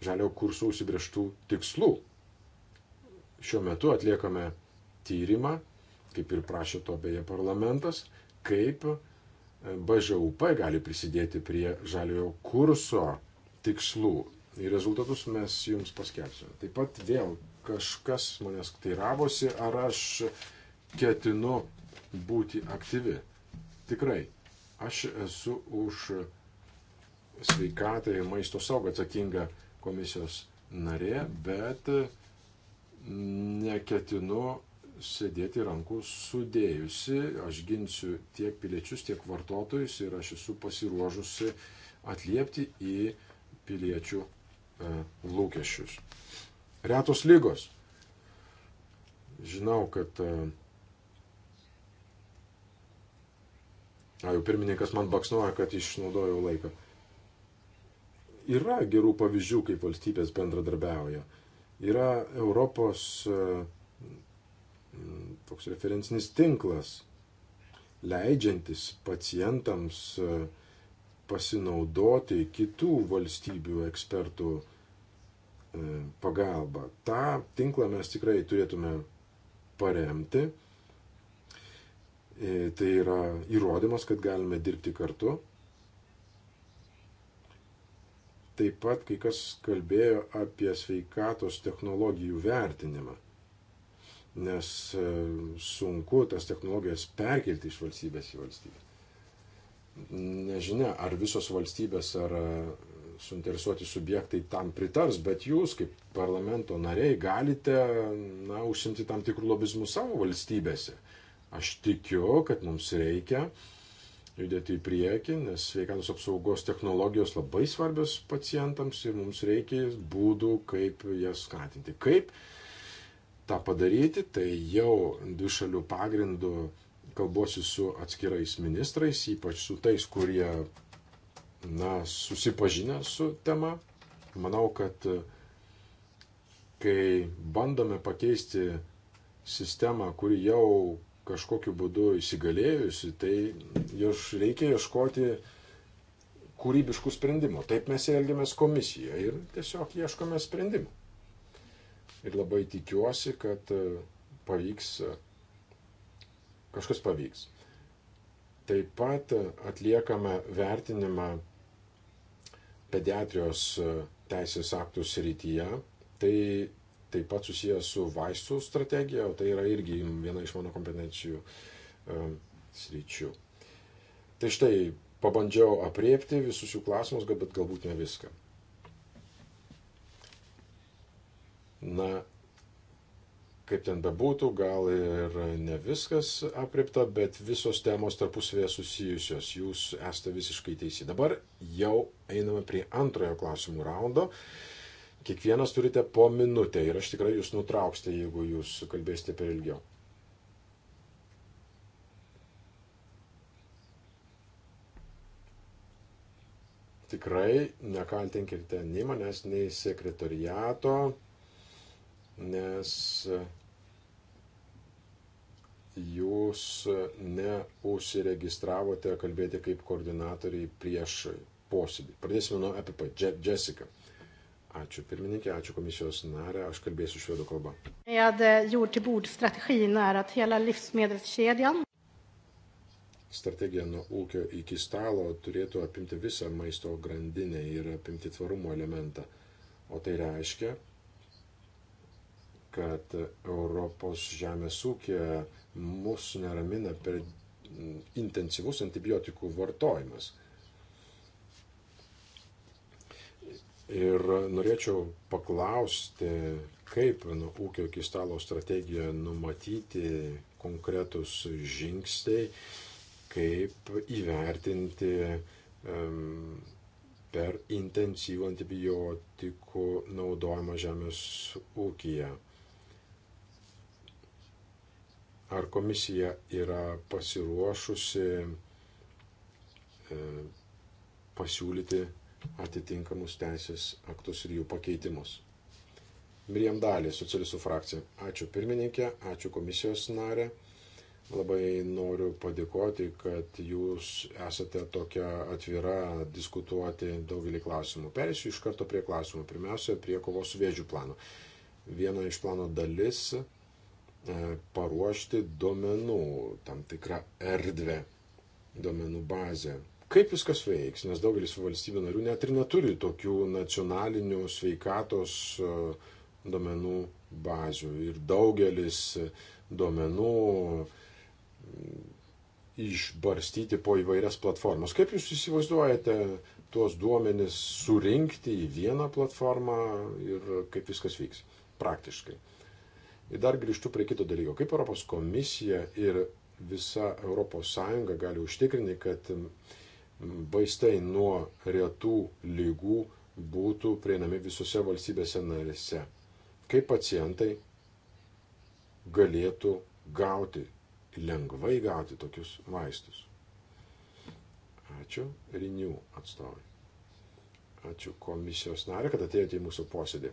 žalio kursų užsibrieštų tikslų. Šiuo metu atliekame tyrimą, kaip ir prašė to beje parlamentas, kaip e, BŽUP gali prisidėti prie žaliojo kurso tikslų Tai rezultatus mes jums paskelbsime. Taip pat vėl kažkas manęs teiravosi, ar aš ketinu būti aktyvi. Tikrai, aš esu už sveikatą ir maisto saugą atsakinga komisijos narė, bet neketinu sėdėti rankų sudėjusi, aš ginsiu tiek piliečius, tiek vartotojus ir aš esu pasiruošusi atliepti į piliečių E, lūkesčius. Retos lygos. Žinau, kad e, A, jau pirmininkas man baksnuoja, kad išnaudojau laiką. Yra gerų pavyzdžių, kaip valstybės bendradarbiauja. Yra Europos e, toks referencinis tinklas, leidžiantis pacientams pasinaudoti kitų valstybių ekspertų E, pagalba. Ta tinklą mes tikrai turėtume paremti. E, tai yra įrodymas, kad galime dirbti kartu. Taip pat kai kas kalbėjo apie sveikatos technologijų vertinimą, nes e, sunku tas technologijas perkelti iš valstybės į valstybę. Nežinia, ar visos valstybės ar suinteresuoti subjektai tam pritars, bet jūs kaip parlamento nariai galite na, užsimti tam tikrų lobizmų savo valstybėse. Aš tikiu, kad mums reikia judėti į priekį, nes sveikatos apsaugos technologijos labai svarbios pacientams ir mums reikia būdų, kaip jas skatinti. Kaip tą padaryti, tai jau dvi šalių pagrindų kalbuosi su atskirais ministrais, ypač su tais, kurie na, susipažinę su tema. Manau, kad e, kai bandome pakeisti sistemą, kuri jau kažkokiu būdu įsigalėjusi, tai iš, reikia ieškoti kūrybiškų sprendimų. Taip mes elgiamės komisijoje ir tiesiog ieškome sprendimų. Ir labai tikiuosi, kad e, pavyks, e, kažkas pavyks. Taip pat atliekame vertinimą pediatrijos e, teisės aktų srityje. Tai taip pat susijęs su vaistų strategija, o tai yra irgi viena iš mano kompetencijų e, sričių. Tai štai, pabandžiau apriepti visus jų klausimus, bet galbūt ne viską. Na kaip ten bebūtų, gal ir ne viskas apripta, bet visos temos tarpusavėje susijusios. Jūs esate visiškai teisi. Dabar jau einame prie antrojo klausimų raundo. Kiekvienas turite po minutę ir aš tikrai jūs nutrauksite, jeigu jūs kalbėsite per ilgiau. Tikrai nekaltinkite nei manęs, nei sekretariato nes jūs neusiregistravote kalbėti kaip koordinatoriai prieš posėdį. Pradėsime nuo EPP. Je Jessica. Ačiū pirmininkė, ačiū komisijos narė, aš kalbėsiu švedų kalba. Strategija nuo ūkio iki stalo turėtų apimti visą maisto grandinę ir apimti tvarumo elementą. O tai reiškia, kad Europos žemės ūkė mūsų neramina per intensyvus antibiotikų vartojimas. Ir norėčiau paklausti, kaip nuo ūkio iki stalo strategijoje numatyti konkretus žingsniai, kaip įvertinti um, per intensyvų antibiotikų naudojimą žemės ūkija. Ar komisija yra pasiruošusi e, pasiūlyti atitinkamus teisės aktus ir jų pakeitimus? Mirjam Dalį, socialistų frakcija. Ačiū pirmininkė, ačiū komisijos narė. Labai noriu padėkoti, kad jūs esate tokia atvira diskutuoti daugelį klausimų. Perėsiu iš karto prie klausimų. Pirmiausia, prie kovos su vėžių plano. Viena iš plano dalis E, paruošti duomenų, tam tikrą erdvę, duomenų bazę. Kaip viskas veiks, nes daugelis valstybių narių net ir neturi tokių nacionalinių sveikatos e, duomenų bazių. Ir daugelis duomenų mm, išbarstyti po įvairias platformas. Kaip jūs įsivaizduojate tuos duomenis surinkti į vieną platformą ir kaip viskas vyks praktiškai? Ir dar grįžtu prie kito dalyko. Kaip Europos komisija ir visa ES gali užtikrinti, kad vaistai nuo retų lygų būtų prieinami visose valstybėse narėse. Kaip pacientai galėtų gauti, lengvai gauti tokius vaistus. Ačiū Rinių atstovai. Ačiū komisijos narė, kad atėjote į mūsų posėdį.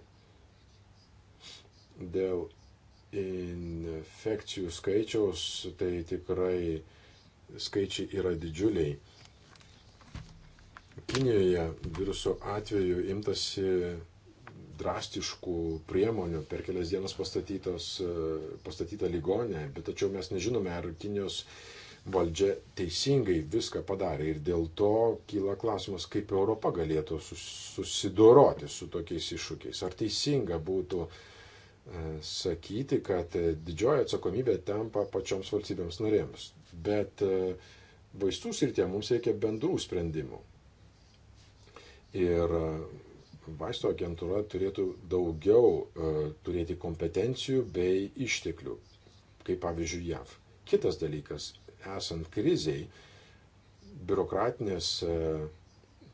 Dėl infekcijų skaičiaus, tai tikrai skaičiai yra didžiuliai. Kinijoje viruso atveju imtasi drastiškų priemonių, per kelias dienas pastatyta ligonė, bet tačiau mes nežinome, ar Kinijos valdžia teisingai viską padarė ir dėl to kyla klausimas, kaip Europa galėtų susidoroti su tokiais iššūkiais. Ar teisinga būtų uh, sakyti, kad didžioji atsakomybė tampa pačioms valstybėms narėms. Bet e, vaistų srityje mums reikia bendrų sprendimų. Ir e, vaisto agentūra turėtų daugiau e, turėti kompetencijų bei išteklių, kaip pavyzdžiui JAV. Kitas dalykas, esant kriziai, biurokratinės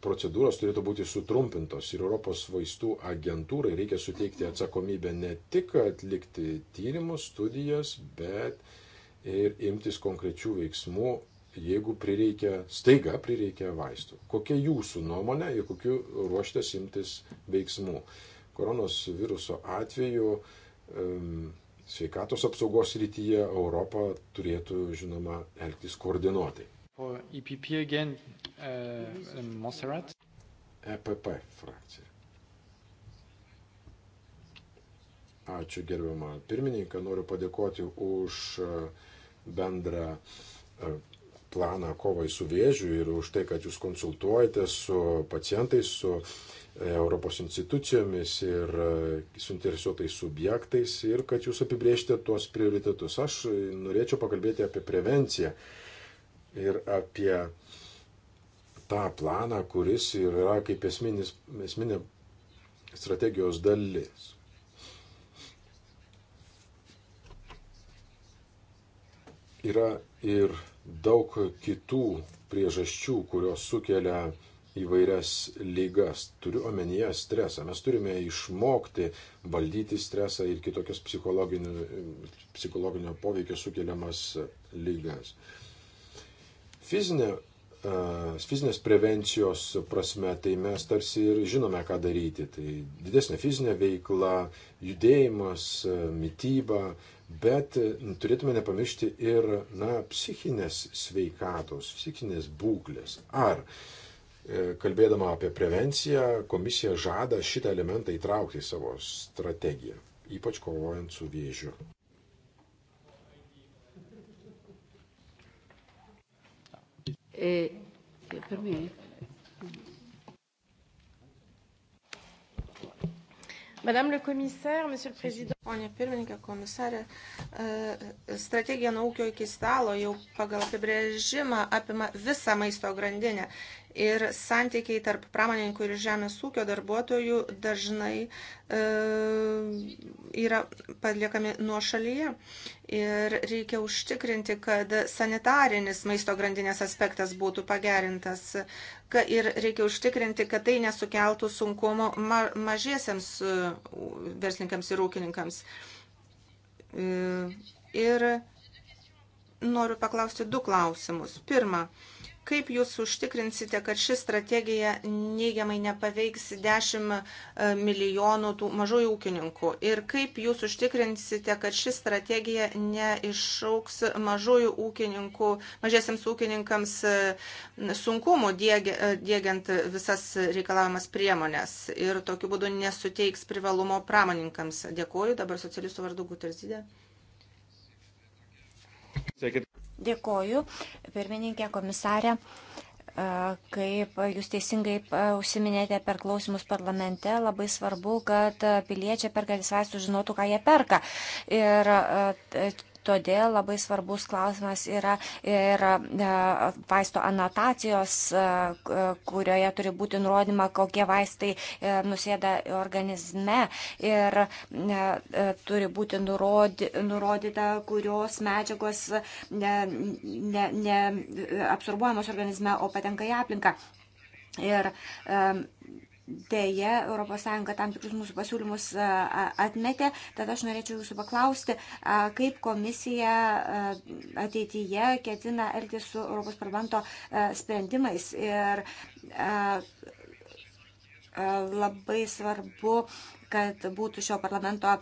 procedūros turėtų būti sutrumpintos ir Europos vaistų agentūrai reikia suteikti atsakomybę ne tik atlikti tyrimus, studijas, bet ir imtis konkrečių veiksmų, jeigu prireikia, staiga prireikia vaistų. Kokia jūsų nuomonė ir kokiu ruoštės imtis veiksmų? Koronos viruso atveju um, sveikatos apsaugos rytyje Europa turėtų, žinoma, elgtis koordinuotai. For EPP again, uh, Montserrat. EPP frakcija. Ačiū gerbiamą pirmininką, noriu padėkoti už e, bendrą e, planą kovai su vėžiu ir už tai, kad jūs konsultuojate su pacientais, su Europos institucijomis ir suinteresuotais subjektais ir kad jūs apibrėžite tuos prioritetus. Aš norėčiau pakalbėti apie prevenciją ir apie tą planą, kuris yra kaip esminis, esminė strategijos dalis. Yra ir daug kitų priežasčių, kurios sukelia įvairias lygas. Turiu omenyje stresą. Mes turime išmokti valdyti stresą ir kitokias psichologinio, psichologinio poveikio sukeliamas lygas. Fizinė, fizinės prevencijos prasme, tai mes tarsi ir žinome, ką daryti. Tai didesnė fizinė veikla, judėjimas, mytyba, bet turėtume nepamiršti ir na, psichinės sveikatos, psichinės būklės. Ar e, kalbėdama apie prevenciją, komisija žada šitą elementą įtraukti į savo strategiją, ypač kovojant su vėžiu. E, per me... Madame le commissaire, monsieur le président. Pone pirmininkė, komisarė, e, strategija nuo ūkio iki stalo jau pagal apibrėžimą apima visą maisto grandinę ir santykiai tarp pramoninkų ir žemės ūkio darbuotojų dažnai e, yra paliekami nuo šalyje. Ir reikia užtikrinti, kad sanitarinis maisto grandinės aspektas būtų pagerintas. Ir reikia užtikrinti, kad tai nesukeltų sunkumo mažiesiams e, verslininkams ir ūkininkams. E, ir noriu paklausti du klausimus. Pirma, Kaip jūs užtikrinsite, kad ši strategija neigiamai nepaveiks 10 e, milijonų tų mažųjų ūkininkų? Ir kaip jūs užtikrinsite, kad ši strategija neišauks mažųjų ūkininkų, mažiesiams ūkininkams e, sunkumų dėgiant e, visas reikalavimas priemonės ir tokiu būdu nesuteiks privalumo pramoninkams? Dėkuoju, dabar socialistų vardu Guterzidė. Dėkoju, pirmininkė komisarė. Kaip jūs teisingai užsiminėte per klausimus parlamente, labai svarbu, kad piliečiai perka visai sužinotų, ką jie perka. Ir Todėl labai svarbus klausimas yra ir e, vaisto anotacijos, e, kurioje turi būti nurodyma, kokie vaistai e, nusėda organizme ir turi būti nurody, nurodyta, kurios medžiagos neabsorbuojamos ne, ne, ne organizme, o patenka į aplinką. Ir um, dėje ES tam tikrus mūsų pasiūlymus atmetė, tad aš norėčiau jūsų paklausti, kaip komisija ateityje ketina elgtis su Europos parlamento sprendimais ir labai svarbu kad būtų šio parlamento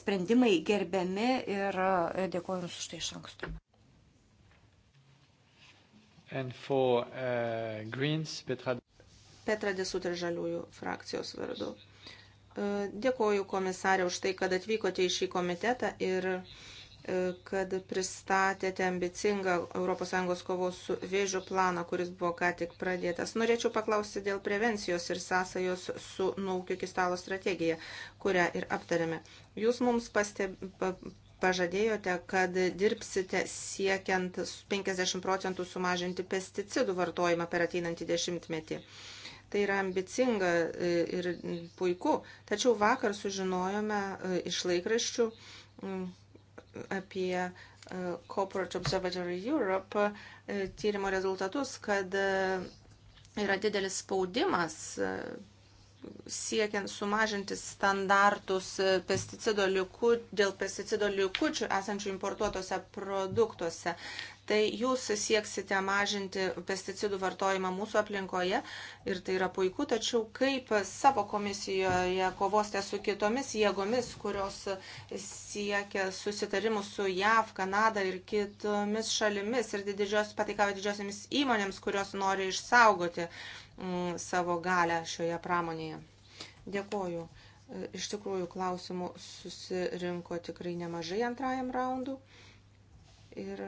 sprendimai gerbiami ir dėkuoju Jums už tai iš anksto. And for uh, Greens, Petra Petra Desutė Žaliųjų frakcijos vardu. E, dėkoju komisarė už tai, kad atvykote į šį komitetą ir e, kad pristatėte ambicingą ES kovos su vėžiu planą, kuris buvo ką tik pradėtas. Norėčiau paklausti dėl prevencijos ir sąsajos su naukio iki stalo strategija, kurią ir aptarėme. Jūs mums pasteb... pažadėjote, kad dirbsite siekiant 50 procentų sumažinti pesticidų vartojimą per ateinantį dešimtmetį. Uh, Tai yra ambicinga e, ir puiku. Tačiau vakar sužinojome e, iš laikraščių apie e, Corporate Observatory Europe tyrimo rezultatus, kad yra didelis spaudimas siekiant sumažinti standartus pesticido liku, dėl pesticido likučių esančių importuotose produktuose tai jūs sieksite mažinti pesticidų vartojimą mūsų aplinkoje ir tai yra puiku, tačiau kaip savo komisijoje kovosite su kitomis jėgomis, kurios siekia susitarimų su JAV, Kanada ir kitomis šalimis ir didžios, patikavo didžiosiamis įmonėms, kurios nori išsaugoti m, mm, savo galę šioje pramonėje. Dėkoju. Iš tikrųjų, klausimų susirinko tikrai nemažai antrajam raundu. Ir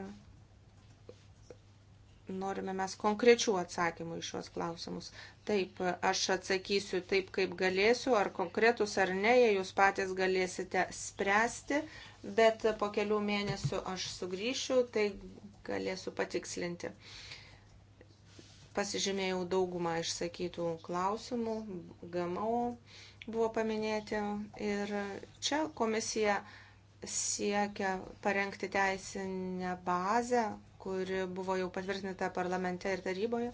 norime mes konkrečių atsakymų iš šios klausimus. Taip, aš atsakysiu taip, kaip galėsiu, ar konkretus ar ne, jei jūs patys galėsite spręsti, bet po kelių mėnesių aš sugrįšiu, tai galėsiu patikslinti. Pasižymėjau daugumą išsakytų klausimų, GMO buvo paminėti ir čia komisija siekia parengti teisinę bazę, kuri buvo jau patvirtinta parlamente ir taryboje.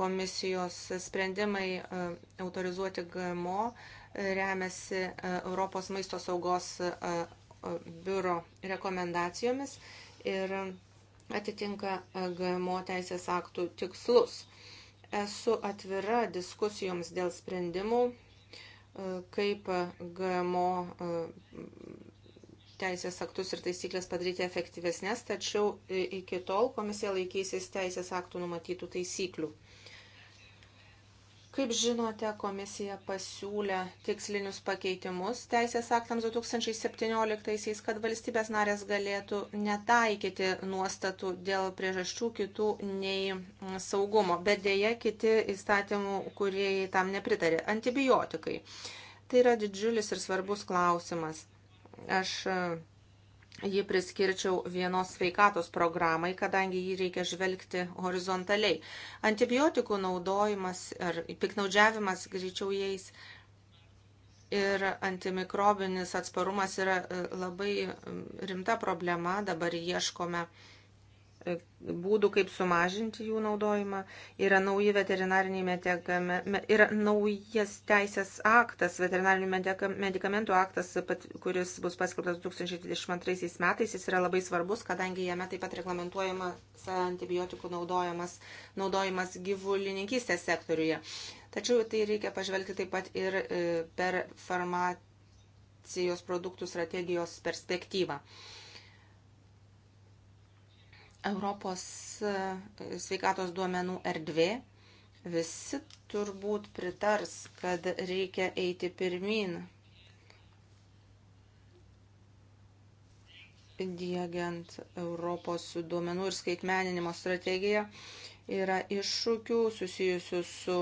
Komisijos sprendimai e, autorizuoti GMO e, remiasi e, Europos maisto saugos biuro rekomendacijomis ir atitinka GMO teisės aktų tikslus. Esu atvira diskusijoms dėl sprendimų, kaip GMO teisės aktus ir taisyklės padaryti efektyvesnės, tačiau e, iki tol komisija laikysis teisės aktų numatytų taisyklių. Kaip žinote, komisija pasiūlė tikslinius pakeitimus teisės aktams 2017-aisiais, kad valstybės narės galėtų netaikyti nuostatų dėl priežasčių kitų nei saugumo, bet dėja kiti įstatymų, kurie tam nepritarė. Antibiotikai. Tai yra didžiulis ir svarbus klausimas. Aš e, jį priskirčiau vienos sveikatos programai, kadangi jį reikia žvelgti horizontaliai. Antibiotikų naudojimas ar piknaudžiavimas greičiau jais ir antimikrobinis atsparumas yra e, labai rimta problema. Dabar ieškome būdų, kaip sumažinti jų naudojimą, yra nauji veterinariniai medikame, yra naujas teisės aktas, veterinarinių medikamentų aktas, kuris bus paskelbtas 2022 metais, jis yra labai svarbus, kadangi jame taip pat reglamentuojamas antibiotikų naudojamas, naudojimas gyvulininkystės sektoriuje. Tačiau tai reikia pažvelgti taip pat ir e, per farmacijos produktų strategijos perspektyvą. Europos e, sveikatos duomenų erdvė. Visi turbūt pritars, kad reikia eiti pirmin, diegiant Europos duomenų ir skaitmeninimo strategiją. Yra iššūkių susijusių su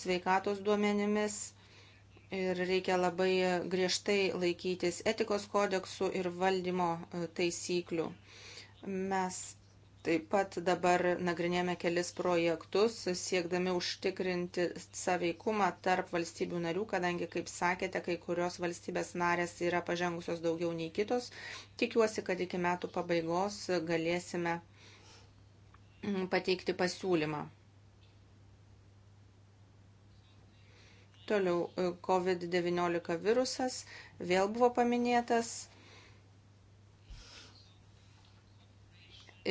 sveikatos duomenimis ir reikia labai griežtai laikytis etikos kodeksų ir valdymo e, taisyklių. Mes Taip pat dabar nagrinėjame kelis projektus, siekdami užtikrinti saveikumą tarp valstybių narių, kadangi, kaip sakėte, kai kurios valstybės narės yra pažengusios daugiau nei kitos. Tikiuosi, kad iki metų pabaigos galėsime pateikti pasiūlymą. Toliau COVID-19 virusas vėl buvo paminėtas.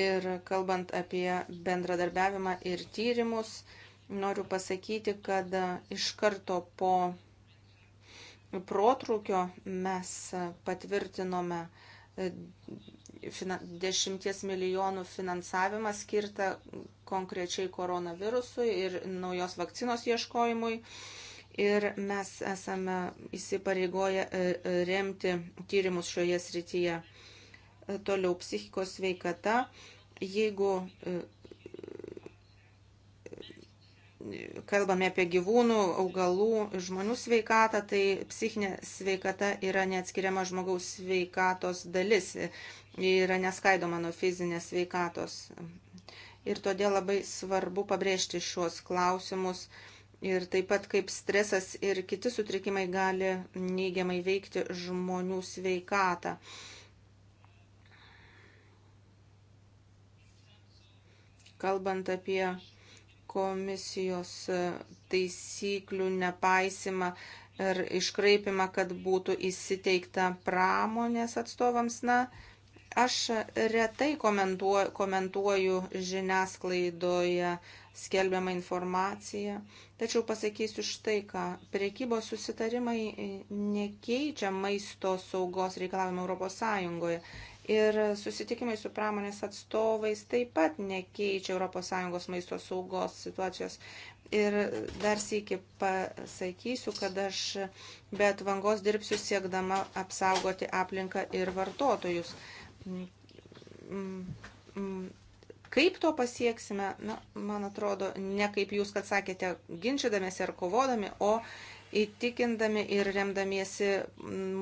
Ir kalbant apie bendradarbiavimą ir tyrimus, noriu pasakyti, kad iš karto po protrūkio mes patvirtinome 10 e, milijonų finansavimą skirtą konkrečiai koronavirusui ir naujos vakcinos ieškojimui. Ir mes esame įsipareigoję e, remti tyrimus šioje srityje. Toliau psichikos sveikata. Jeigu e, kalbame apie gyvūnų, augalų, žmonių sveikatą, tai psichinė sveikata yra neatskiriama žmogaus sveikatos dalis, yra neskaidoma nuo fizinės sveikatos. Ir todėl labai svarbu pabrėžti šios klausimus ir taip pat kaip stresas ir kiti sutrikimai gali neigiamai veikti žmonių sveikatą. Uh, kalbant apie komisijos taisyklių nepaisimą ir iškraipimą, kad būtų įsiteikta pramonės atstovams. Na, aš retai komentuoju, komentuoju žiniasklaidoje skelbiama informacija. Tačiau pasakysiu štai ką. Priekybos susitarimai e, nekeičia maisto saugos reikalavimų ES. Ir susitikimai su pramonės atstovais taip pat nekeičia ES maisto saugos situacijos. Ir dar sėki pasakysiu, kad aš bet vangos dirbsiu siekdama apsaugoti aplinką ir vartotojus mm, mm, Kaip to pasieksime, na, man atrodo, ne kaip jūs, kad sakėte, ginčydamėsi ar kovodami, o įtikindami ir remdamiesi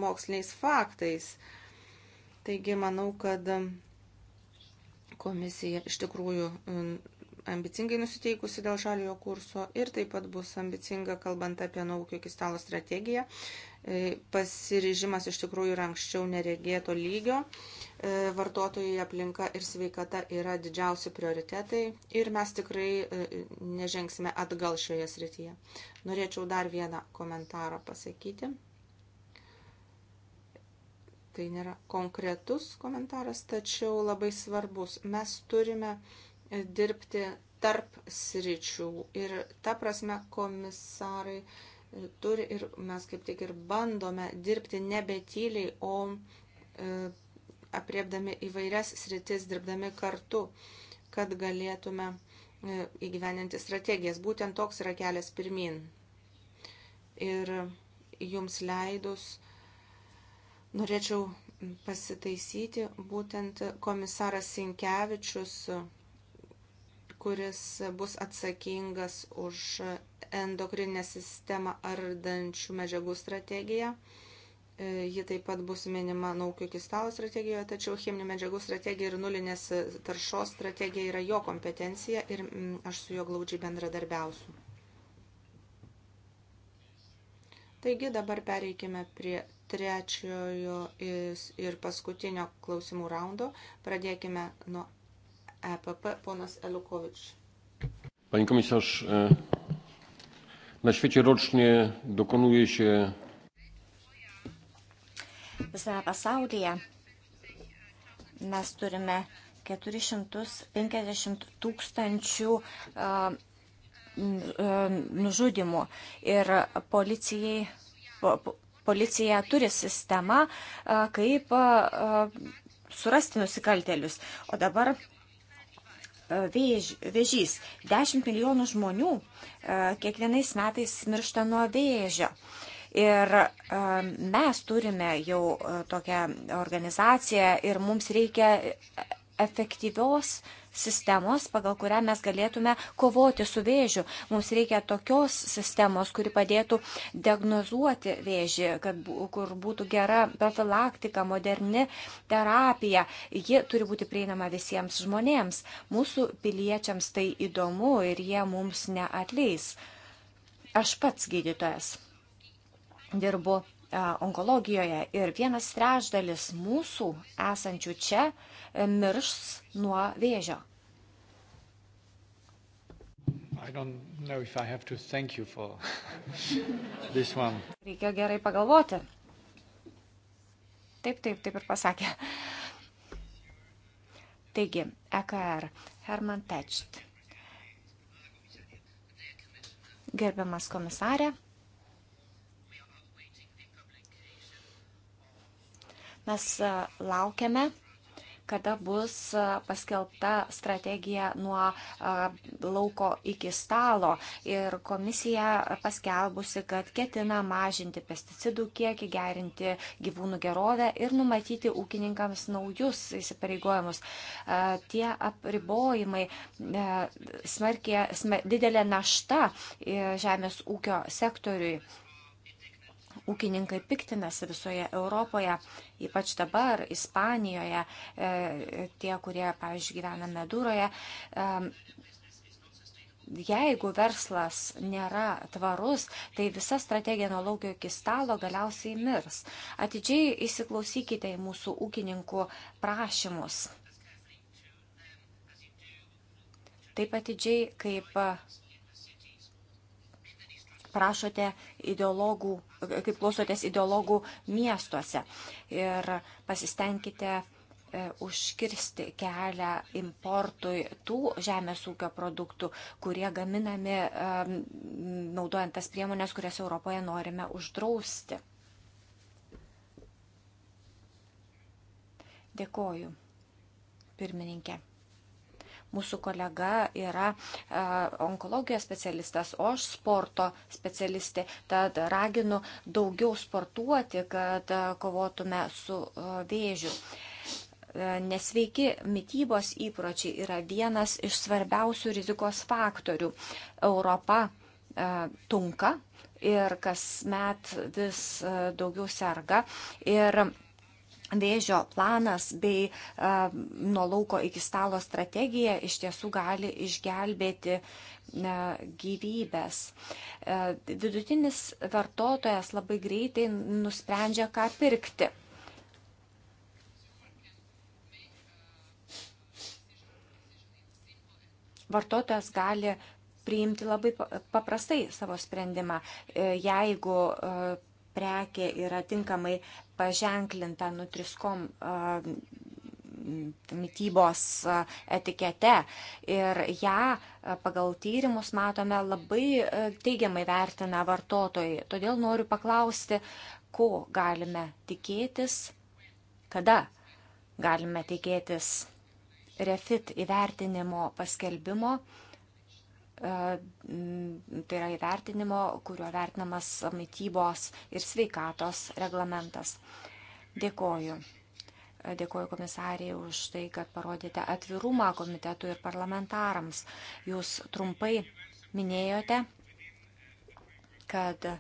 moksliniais faktais. Taigi manau, kad komisija iš tikrųjų ambicingai nusiteikusi dėl žaliojo kurso ir taip pat bus ambicinga, kalbant apie naukio iki stalo strategiją. E, Pasirižimas iš tikrųjų yra anksčiau neregėto lygio. E, vartotojai aplinka ir sveikata yra didžiausi prioritetai ir mes tikrai e, nežengsime atgal šioje srityje. Norėčiau dar vieną komentarą pasakyti. Tai nėra konkretus komentaras, tačiau labai svarbus. Mes turime uh, dirbti tarp sričių. Ir ta prasme komisarai e, turi ir mes kaip tik ir bandome dirbti nebetyliai, o e, apriepdami įvairias sritis, dirbdami kartu, kad galėtume e, įgyveninti strategijas. Būtent toks yra kelias pirmin. Ir jums leidus norėčiau pasitaisyti, būtent komisaras Sinkevičius kuris bus atsakingas už endokrininę sistemą ardančių medžiagų strategiją. E, ji taip pat bus minima naukio iki stalo strategijoje, tačiau cheminių medžiagų strategija ir nulinės taršos strategija yra jo kompetencija ir mm, aš su juo glaudžiai bendradarbiausiu. Taigi dabar pereikime prie trečiojo ir paskutinio klausimų raundo. Pradėkime nuo EPP ponas Elukovič. Pani komisarz, e, na świecie rocznie dokonuje się. Visame pasaulyje mes turime 450 tūkstančių e, e, nužudimų ir policijai, po, policija turi sistemą, kaip surasti nusikaltelius. O dabar vėž, vėžys. 10 milijonų žmonių e, kiekvienais metais miršta nuo vėžio. Ir e, mes turime jau e, tokią organizaciją ir mums reikia efektyvios sistemos, pagal kurią mes galėtume kovoti su vėžiu. Mums reikia tokios sistemos, kuri padėtų diagnozuoti vėžį, kad, kur būtų gera profilaktika, moderni terapija. Ji turi būti prieinama visiems žmonėms. Mūsų piliečiams tai įdomu ir jie mums neatleis. Aš pats gydytojas dirbu onkologijoje ir vienas trečdalis mūsų esančių čia mirs nuo vėžio. Reikia gerai pagalvoti. Taip, taip, taip ir pasakė. Taigi, EKR, Herman Tečt. Gerbiamas komisarė. Mes e, laukiame kada bus paskelbta strategija nuo lauko iki stalo. Ir komisija paskelbusi, kad ketina mažinti pesticidų kiekį, gerinti gyvūnų gerovę ir numatyti ūkininkams naujus įsipareigojimus. Tie apribojimai e, smarkė, smarkė didelė našta e, žemės ūkio sektoriui ūkininkai piktinasi visoje Europoje, ypač dabar Ispanijoje, e, tie, kurie, pavyzdžiui, gyvena Meduroje. Jeigu verslas nėra tvarus, tai visa strategija nuo laukio iki stalo galiausiai mirs. Atidžiai įsiklausykite į mūsų ūkininkų prašymus. Taip atidžiai, kaip prašote ideologų kaip klausotės ideologų miestuose. Ir pasistengkite e, užkirsti kelią importui tų žemės ūkio produktų, kurie gaminami e, naudojant tas priemonės, kurias Europoje norime uždrausti. Dėkoju, pirmininkė. Mūsų kolega yra e, onkologijos specialistas, o aš sporto specialistė. Tad raginu daugiau sportuoti, kad e, kovotume su e, vėžiu nesveiki mytybos įpročiai yra vienas iš svarbiausių rizikos faktorių. Europa e, tunka ir kasmet vis daugiau serga ir vėžio planas bei a, e, nuo lauko iki stalo strategija iš tiesų gali išgelbėti a, e, gyvybės. A, e, vidutinis vartotojas labai greitai nusprendžia, ką pirkti. Vartotojas gali priimti labai paprastai savo sprendimą. Jeigu prekė yra tinkamai paženklinta nutriskom mytybos etikete. Ir ją pagal tyrimus matome labai teigiamai vertina vartotojai. Todėl noriu paklausti, ko galime tikėtis, kada galime tikėtis refit įvertinimo paskelbimo E, tai yra įvertinimo, kuriuo vertinamas mytybos ir sveikatos reglamentas. Dėkoju. E, dėkoju komisariai už tai, kad parodėte atvirumą komitetui ir parlamentarams. Jūs trumpai minėjote, kad e,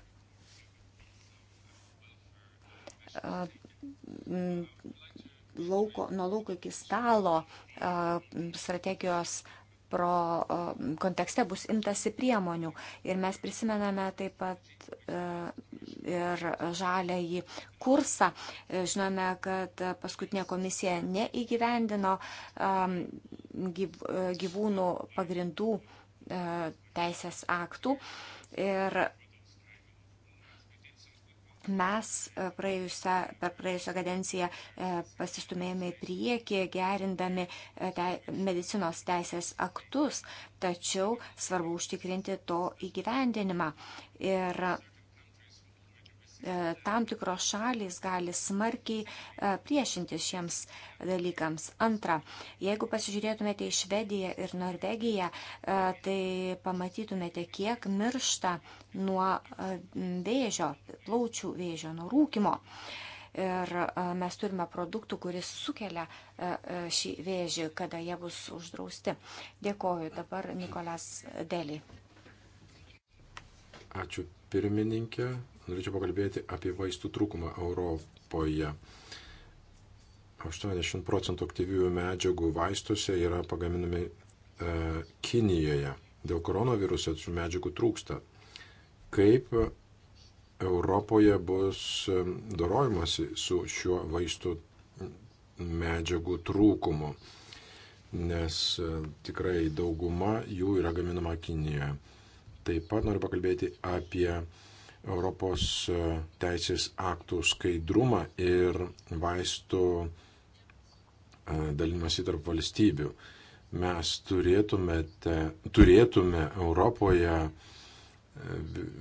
lauko, nuo lauko iki stalo strategijos Kipro kontekste bus imtasi priemonių. Ir mes prisimename taip pat e, ir žalę į kursą. E, žinome, kad paskutinė komisija neįgyvendino e, gyvūnų pagrindų teisės aktų. Ir Mes e, praėjusią, per praėjusią kadenciją e, pasistumėjome į priekį, gerindami e, te, medicinos teisės aktus, tačiau svarbu užtikrinti to įgyvendinimą. Ir E, tam tikros šalys gali smarkiai e, priešintis šiems dalykams. Antra, jeigu pasižiūrėtumėte į Švediją ir Norvegiją, e, tai pamatytumėte, kiek miršta nuo vėžio, plaučių vėžio, nuo rūkimo ir mes turime produktų, kuris sukelia šį vėžį, kada jie bus uždrausti. Dėkoju dabar Nikolas Deliai. Ačiū pirmininkė, norėčiau pakalbėti apie vaistų trūkumą Europoje. 80 procentų aktyviųjų medžiagų vaistuose yra pagaminami e, Kinijoje. Dėl koronaviruso šių medžiagų trūksta. Kaip Europoje bus e, dorojimasi su šiuo vaistų medžiagų trūkumu, nes e, tikrai dauguma jų yra gaminama Kinijoje. Taip pat noriu pakalbėti apie Europos e, teisės aktų skaidrumą ir vaistų e, dalimasi tarp valstybių. Mes turėtume, turėtume Europoje e,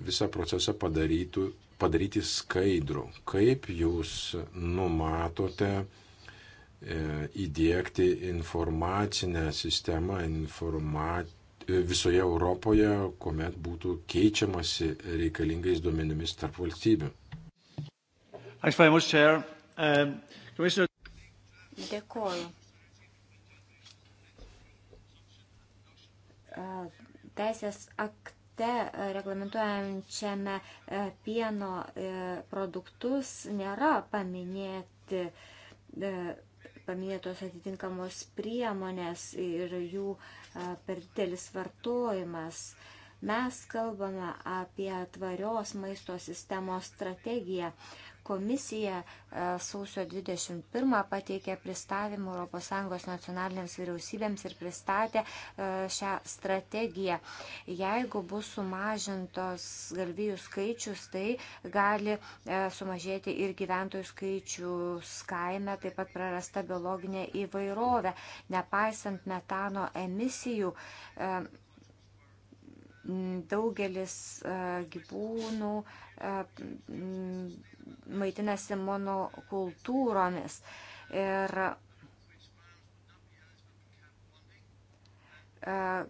visą procesą padarytų, padaryti skaidrų. Kaip jūs numatote įdėkti informacinę sistemą, informaciją visoje Europoje, kuomet būtų keičiamasi reikalingais duomenimis tarp valstybių. Um, Dėkuoju. Teisės akte reglamentuojančiame pieno e, produktus nėra paminėti e, paminėtos atitinkamos priemonės ir jų per didelis vartojimas. Uh, Mes kalbame apie tvarios maisto sistemos strategiją. Komisija e, sausio 21 pateikė pristavimą ES nacionalinėms vyriausybėms ir pristatė e, šią strategiją. Jeigu bus sumažintos galvijų skaičius, tai gali e, sumažėti ir gyventojų skaičius kaime, taip pat prarasta biologinė įvairovė. Nepaisant metano emisijų, daugelis gyvūnų maitinasi monokultūromis. Ir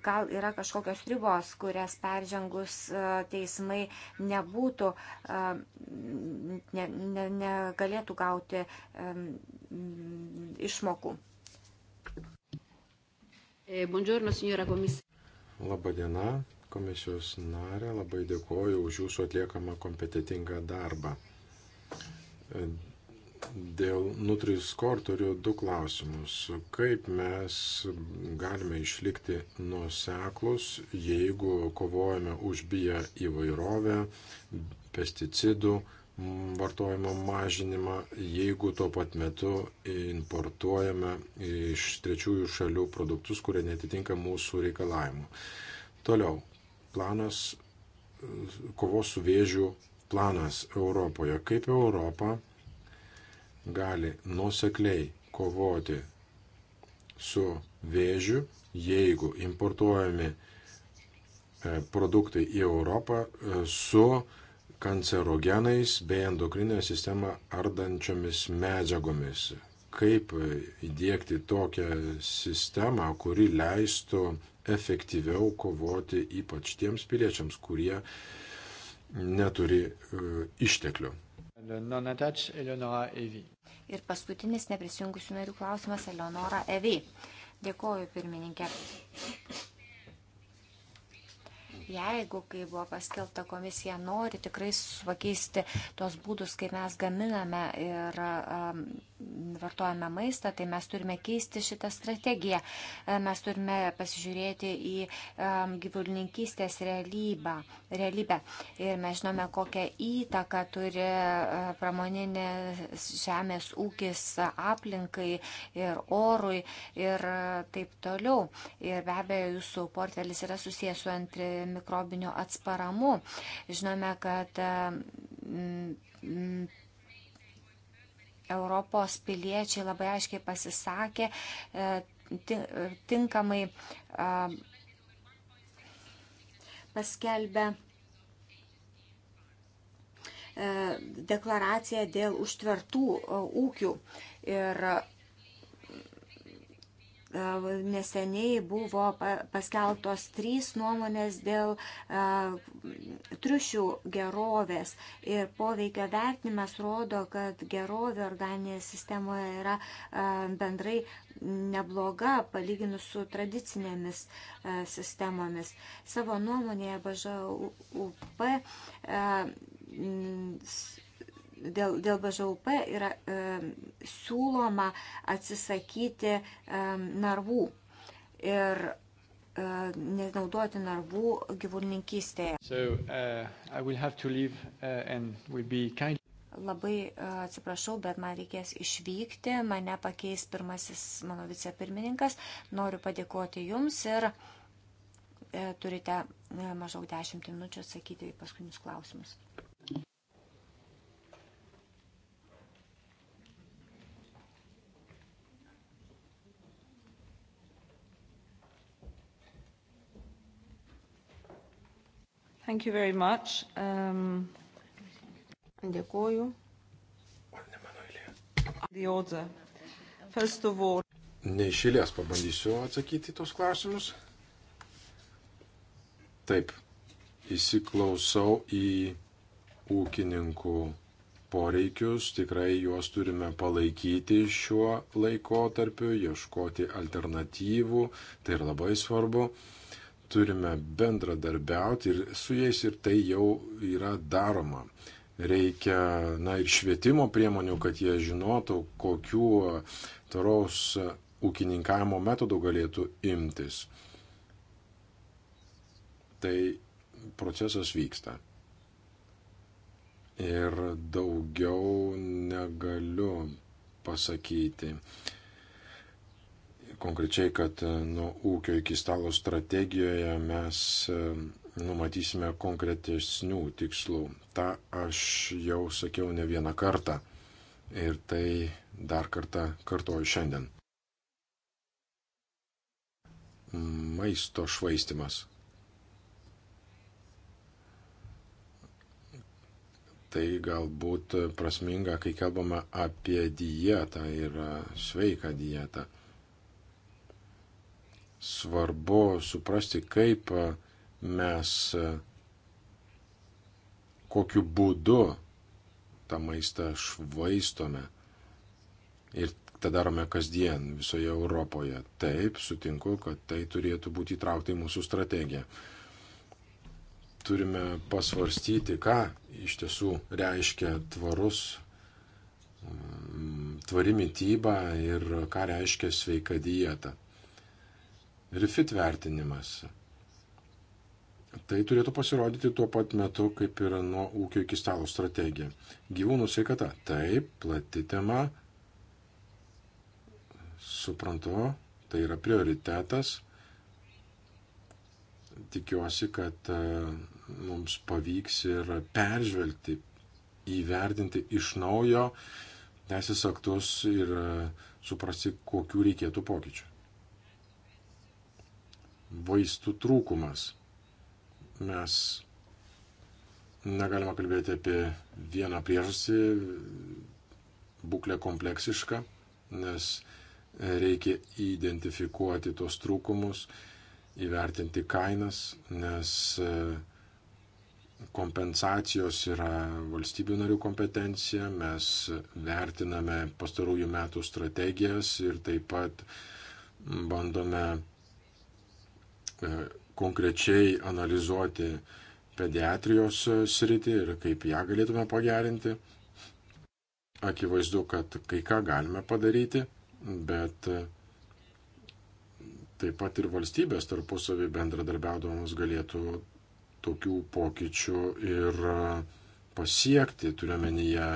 gal yra kažkokios ribos, kurias peržengus teismai nebūtų, negalėtų ne, ne gauti išmokų. E, Labadiena, komisijos narę, labai dėkoju už jūsų atliekamą kompetitingą darbą. Dėl Nutriscore turiu du klausimus. Kaip mes galime išlikti nuseklus, jeigu kovojame už biją įvairovę, pesticidų vartojimo mažinimą, jeigu tuo pat metu importuojame iš trečiųjų šalių produktus, kurie netitinka mūsų reikalavimų. Toliau, planas, kovos su vėžiu planas Europoje. Kaip Europa gali nusekliai kovoti su vėžiu, jeigu importuojami e, produktai į Europą e, su kancerogenais bei endokrinę sistemą ardančiomis medžiagomis. Kaip įdėkti tokią sistemą, kuri leistų efektyviau kovoti ypač tiems piliečiams, kurie neturi e, išteklių. Ir paskutinis neprisijungusių narių klausimas Eleonora Evy. Dėkoju, pirmininkė. Jeigu, kai buvo paskelbta komisija, nori tikrai pakeisti tos būdus, kaip mes gaminame ir um, vartojame maistą, tai mes turime keisti šitą strategiją. E, mes turime pasižiūrėti į gyvulininkystės realybę. realybę. Ir mes žinome, kokią įtaką turi e, pramoninis žemės ūkis aplinkai ir orui ir taip toliau. Ir be abejo, jūsų portfelis yra susijęs su antimikrobiniu atsparamu. Žinome, kad Europos piliečiai labai aiškiai pasisakė e, tinkamai paskelbę e, deklaraciją dėl užtvertų e, ūkių. Ir E, neseniai buvo paskeltos trys nuomonės dėl e, triušių gerovės ir poveikio vertinimas rodo, kad gerovė organinėje sistemoje yra e, bendrai nebloga palyginus su tradicinėmis sistemomis. Savo nuomonėje BŽUP dėl, dėl BŽUP yra e, siūloma atsisakyti e, narvų ir e, nenaudoti narvų gyvulininkystėje. So, uh, leave, uh, kind... Labai uh, atsiprašau, bet man reikės išvykti, mane pakeis pirmasis mano vicepirmininkas. Noriu padėkoti Jums ir e, turite e, maždaug 10 minučių atsakyti į paskutinius klausimus. Thank you very much. Um, dėkoju. The order. First of all. Neišėlės pabandysiu atsakyti tos klausimus. Taip, įsiklausau į ūkininkų poreikius, tikrai juos turime palaikyti šiuo laikotarpiu, ieškoti alternatyvų, tai yra labai svarbu turime bendradarbiauti ir su jais ir tai jau yra daroma. Reikia na, ir švietimo priemonių, kad jie žinotų, kokiu tvaraus ūkininkavimo metodų galėtų imtis. Tai procesas vyksta. Ir daugiau negaliu pasakyti konkrečiai, kad e, nuo ūkio iki stalo strategijoje mes e, numatysime konkretesnių tikslų. Ta aš jau sakiau ne vieną kartą ir tai dar kartą kartuoju šiandien. Maisto švaistimas. Tai galbūt prasminga, kai kalbame apie dietą ir e, sveiką dietą svarbu suprasti, kaip mes, kokiu būdu tą maistą švaistome. Ir tą darome kasdien visoje Europoje. Taip, sutinku, kad tai turėtų būti įtraukta į mūsų strategiją. Turime pasvarstyti, ką iš tiesų reiškia tvarus, mm, tvari mytyba ir ką reiškia sveika dieta refit vertinimas. Tai turėtų pasirodyti tuo pat metu, kaip ir nuo ūkio iki stalo strategija. Gyvūnų sveikata. Taip, plati tema. Suprantu, tai yra prioritetas. Tikiuosi, kad e, mums pavyks ir peržvelgti, įvertinti iš naujo teisės aktus ir e, suprasti, kokių reikėtų pokyčių vaistų trūkumas. Mes negalima kalbėti apie vieną priežastį, būklę kompleksišką, nes reikia identifikuoti tos trūkumus, įvertinti kainas, nes e, kompensacijos yra valstybių narių kompetencija, mes vertiname pastarųjų metų strategijas ir taip pat bandome E, konkrečiai analizuoti pediatrijos sritį ir kaip ją galėtume pagerinti. Akivaizdu, kad kai ką galime padaryti, bet e, taip pat ir valstybės tarpusavį bendradarbiaudamos galėtų tokių pokyčių ir e, pasiekti, turiuomenyje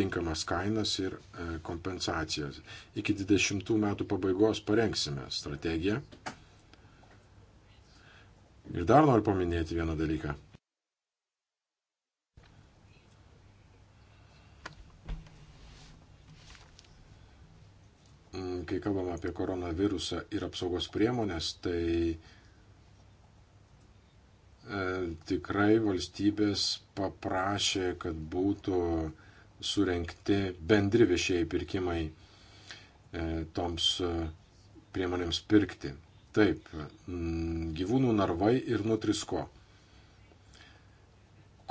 tinkamas kainas ir kompensacijas. Iki 20 metų pabaigos parengsime strategiją Ir dar noriu paminėti vieną dalyką. Mm, kai kalbam apie koronavirusą ir apsaugos priemonės, tai e, tikrai valstybės paprašė, kad būtų surenkti bendri viešieji pirkimai e, toms e, priemonėms pirkti. Taip, mm, gyvūnų narvai ir nutrisko.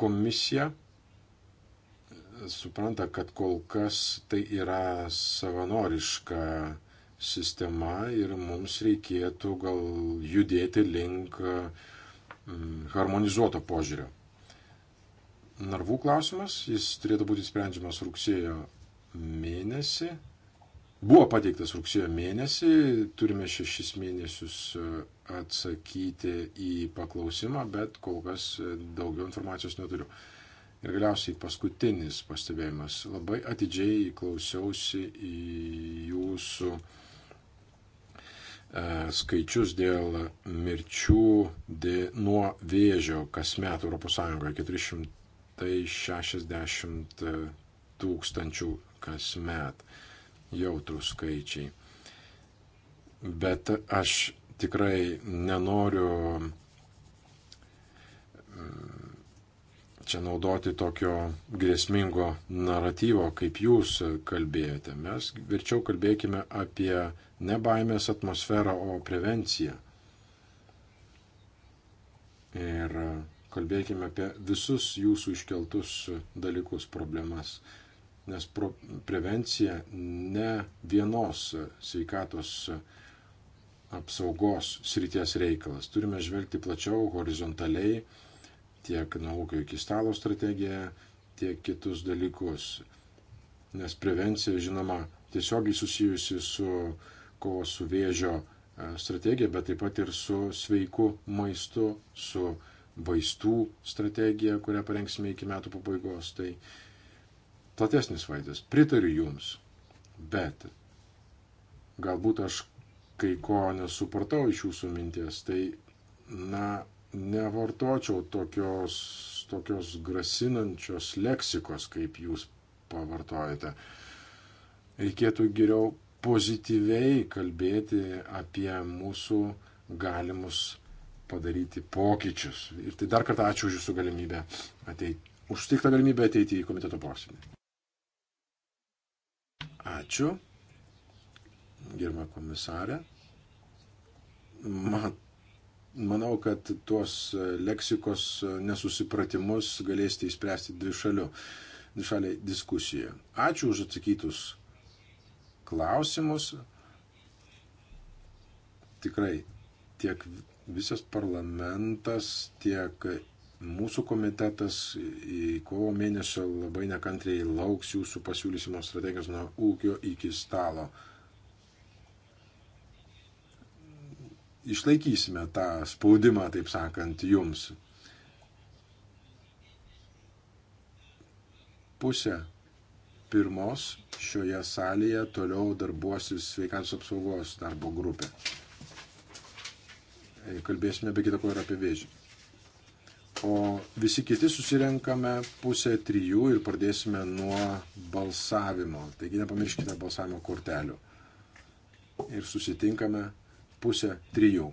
Komisija supranta, kad kol kas tai yra savanoriška sistema ir mums reikėtų gal judėti link mm, harmonizuoto požiūrio. Narvų klausimas, jis turėtų būti sprendžiamas rugsėjo mėnesį buvo pateiktas rugsėjo mėnesį, turime šešis mėnesius e, atsakyti į paklausimą, bet kol kas e, daugiau informacijos neturiu. Ir galiausiai paskutinis pastebėjimas. Labai atidžiai klausiausi į jūsų e, skaičius dėl mirčių dėl, nuo vėžio kasmet ES 460 tūkstančių kasmet jautrų skaičiai. Bet aš tikrai nenoriu mm, čia naudoti tokio grėsmingo naratyvo, kaip jūs kalbėjote. Mes verčiau kalbėkime apie ne baimės atmosferą, o prevenciją. Ir kalbėkime apie visus jūsų iškeltus dalykus, problemas nes prevencija ne vienos sveikatos apsaugos srities reikalas. Turime žvelgti plačiau, horizontaliai, tiek naujo iki stalo strategiją, tiek kitus dalykus. Nes prevencija, žinoma, tiesiogiai susijusi su kovo su vėžio e, strategija, bet taip pat ir su sveiku maistu, su vaistų strategija, kurią parengsime iki metų pabaigos. Tai uh, platesnis vaizdas. Pritariu Jums, bet galbūt aš kai ko nesupratau iš Jūsų minties, tai, na, nevartočiau tokios, tokios grasinančios leksikos, kaip Jūs pavartojate. Reikėtų geriau pozityviai kalbėti apie mūsų galimus padaryti pokyčius. Ir tai dar kartą ačiū už Jūsų galimybę ateiti, už tiktą galimybę ateiti į komiteto posėdį. Ačiū, germa komisarė. Manau, kad tuos leksikos nesusipratimus galėsite įspręsti dvišaliu, dvišaliai diskusijoje. Ačiū už atsakytus klausimus. Tikrai tiek visas parlamentas, tiek Mūsų komitetas į kovo mėnesio labai nekantriai lauks jūsų pasiūlysimos strategijos nuo ūkio iki stalo. Išlaikysime tą spaudimą, taip sakant, jums. Pusę pirmos šioje salėje toliau darbuosis sveikatos apsaugos darbo grupė. Kalbėsime be kitako ir apie vėžį o visi kiti susirenkame pusę trijų ir pradėsime nuo balsavimo. Taigi nepamirškite balsavimo kortelių. Ir susitinkame pusę trijų.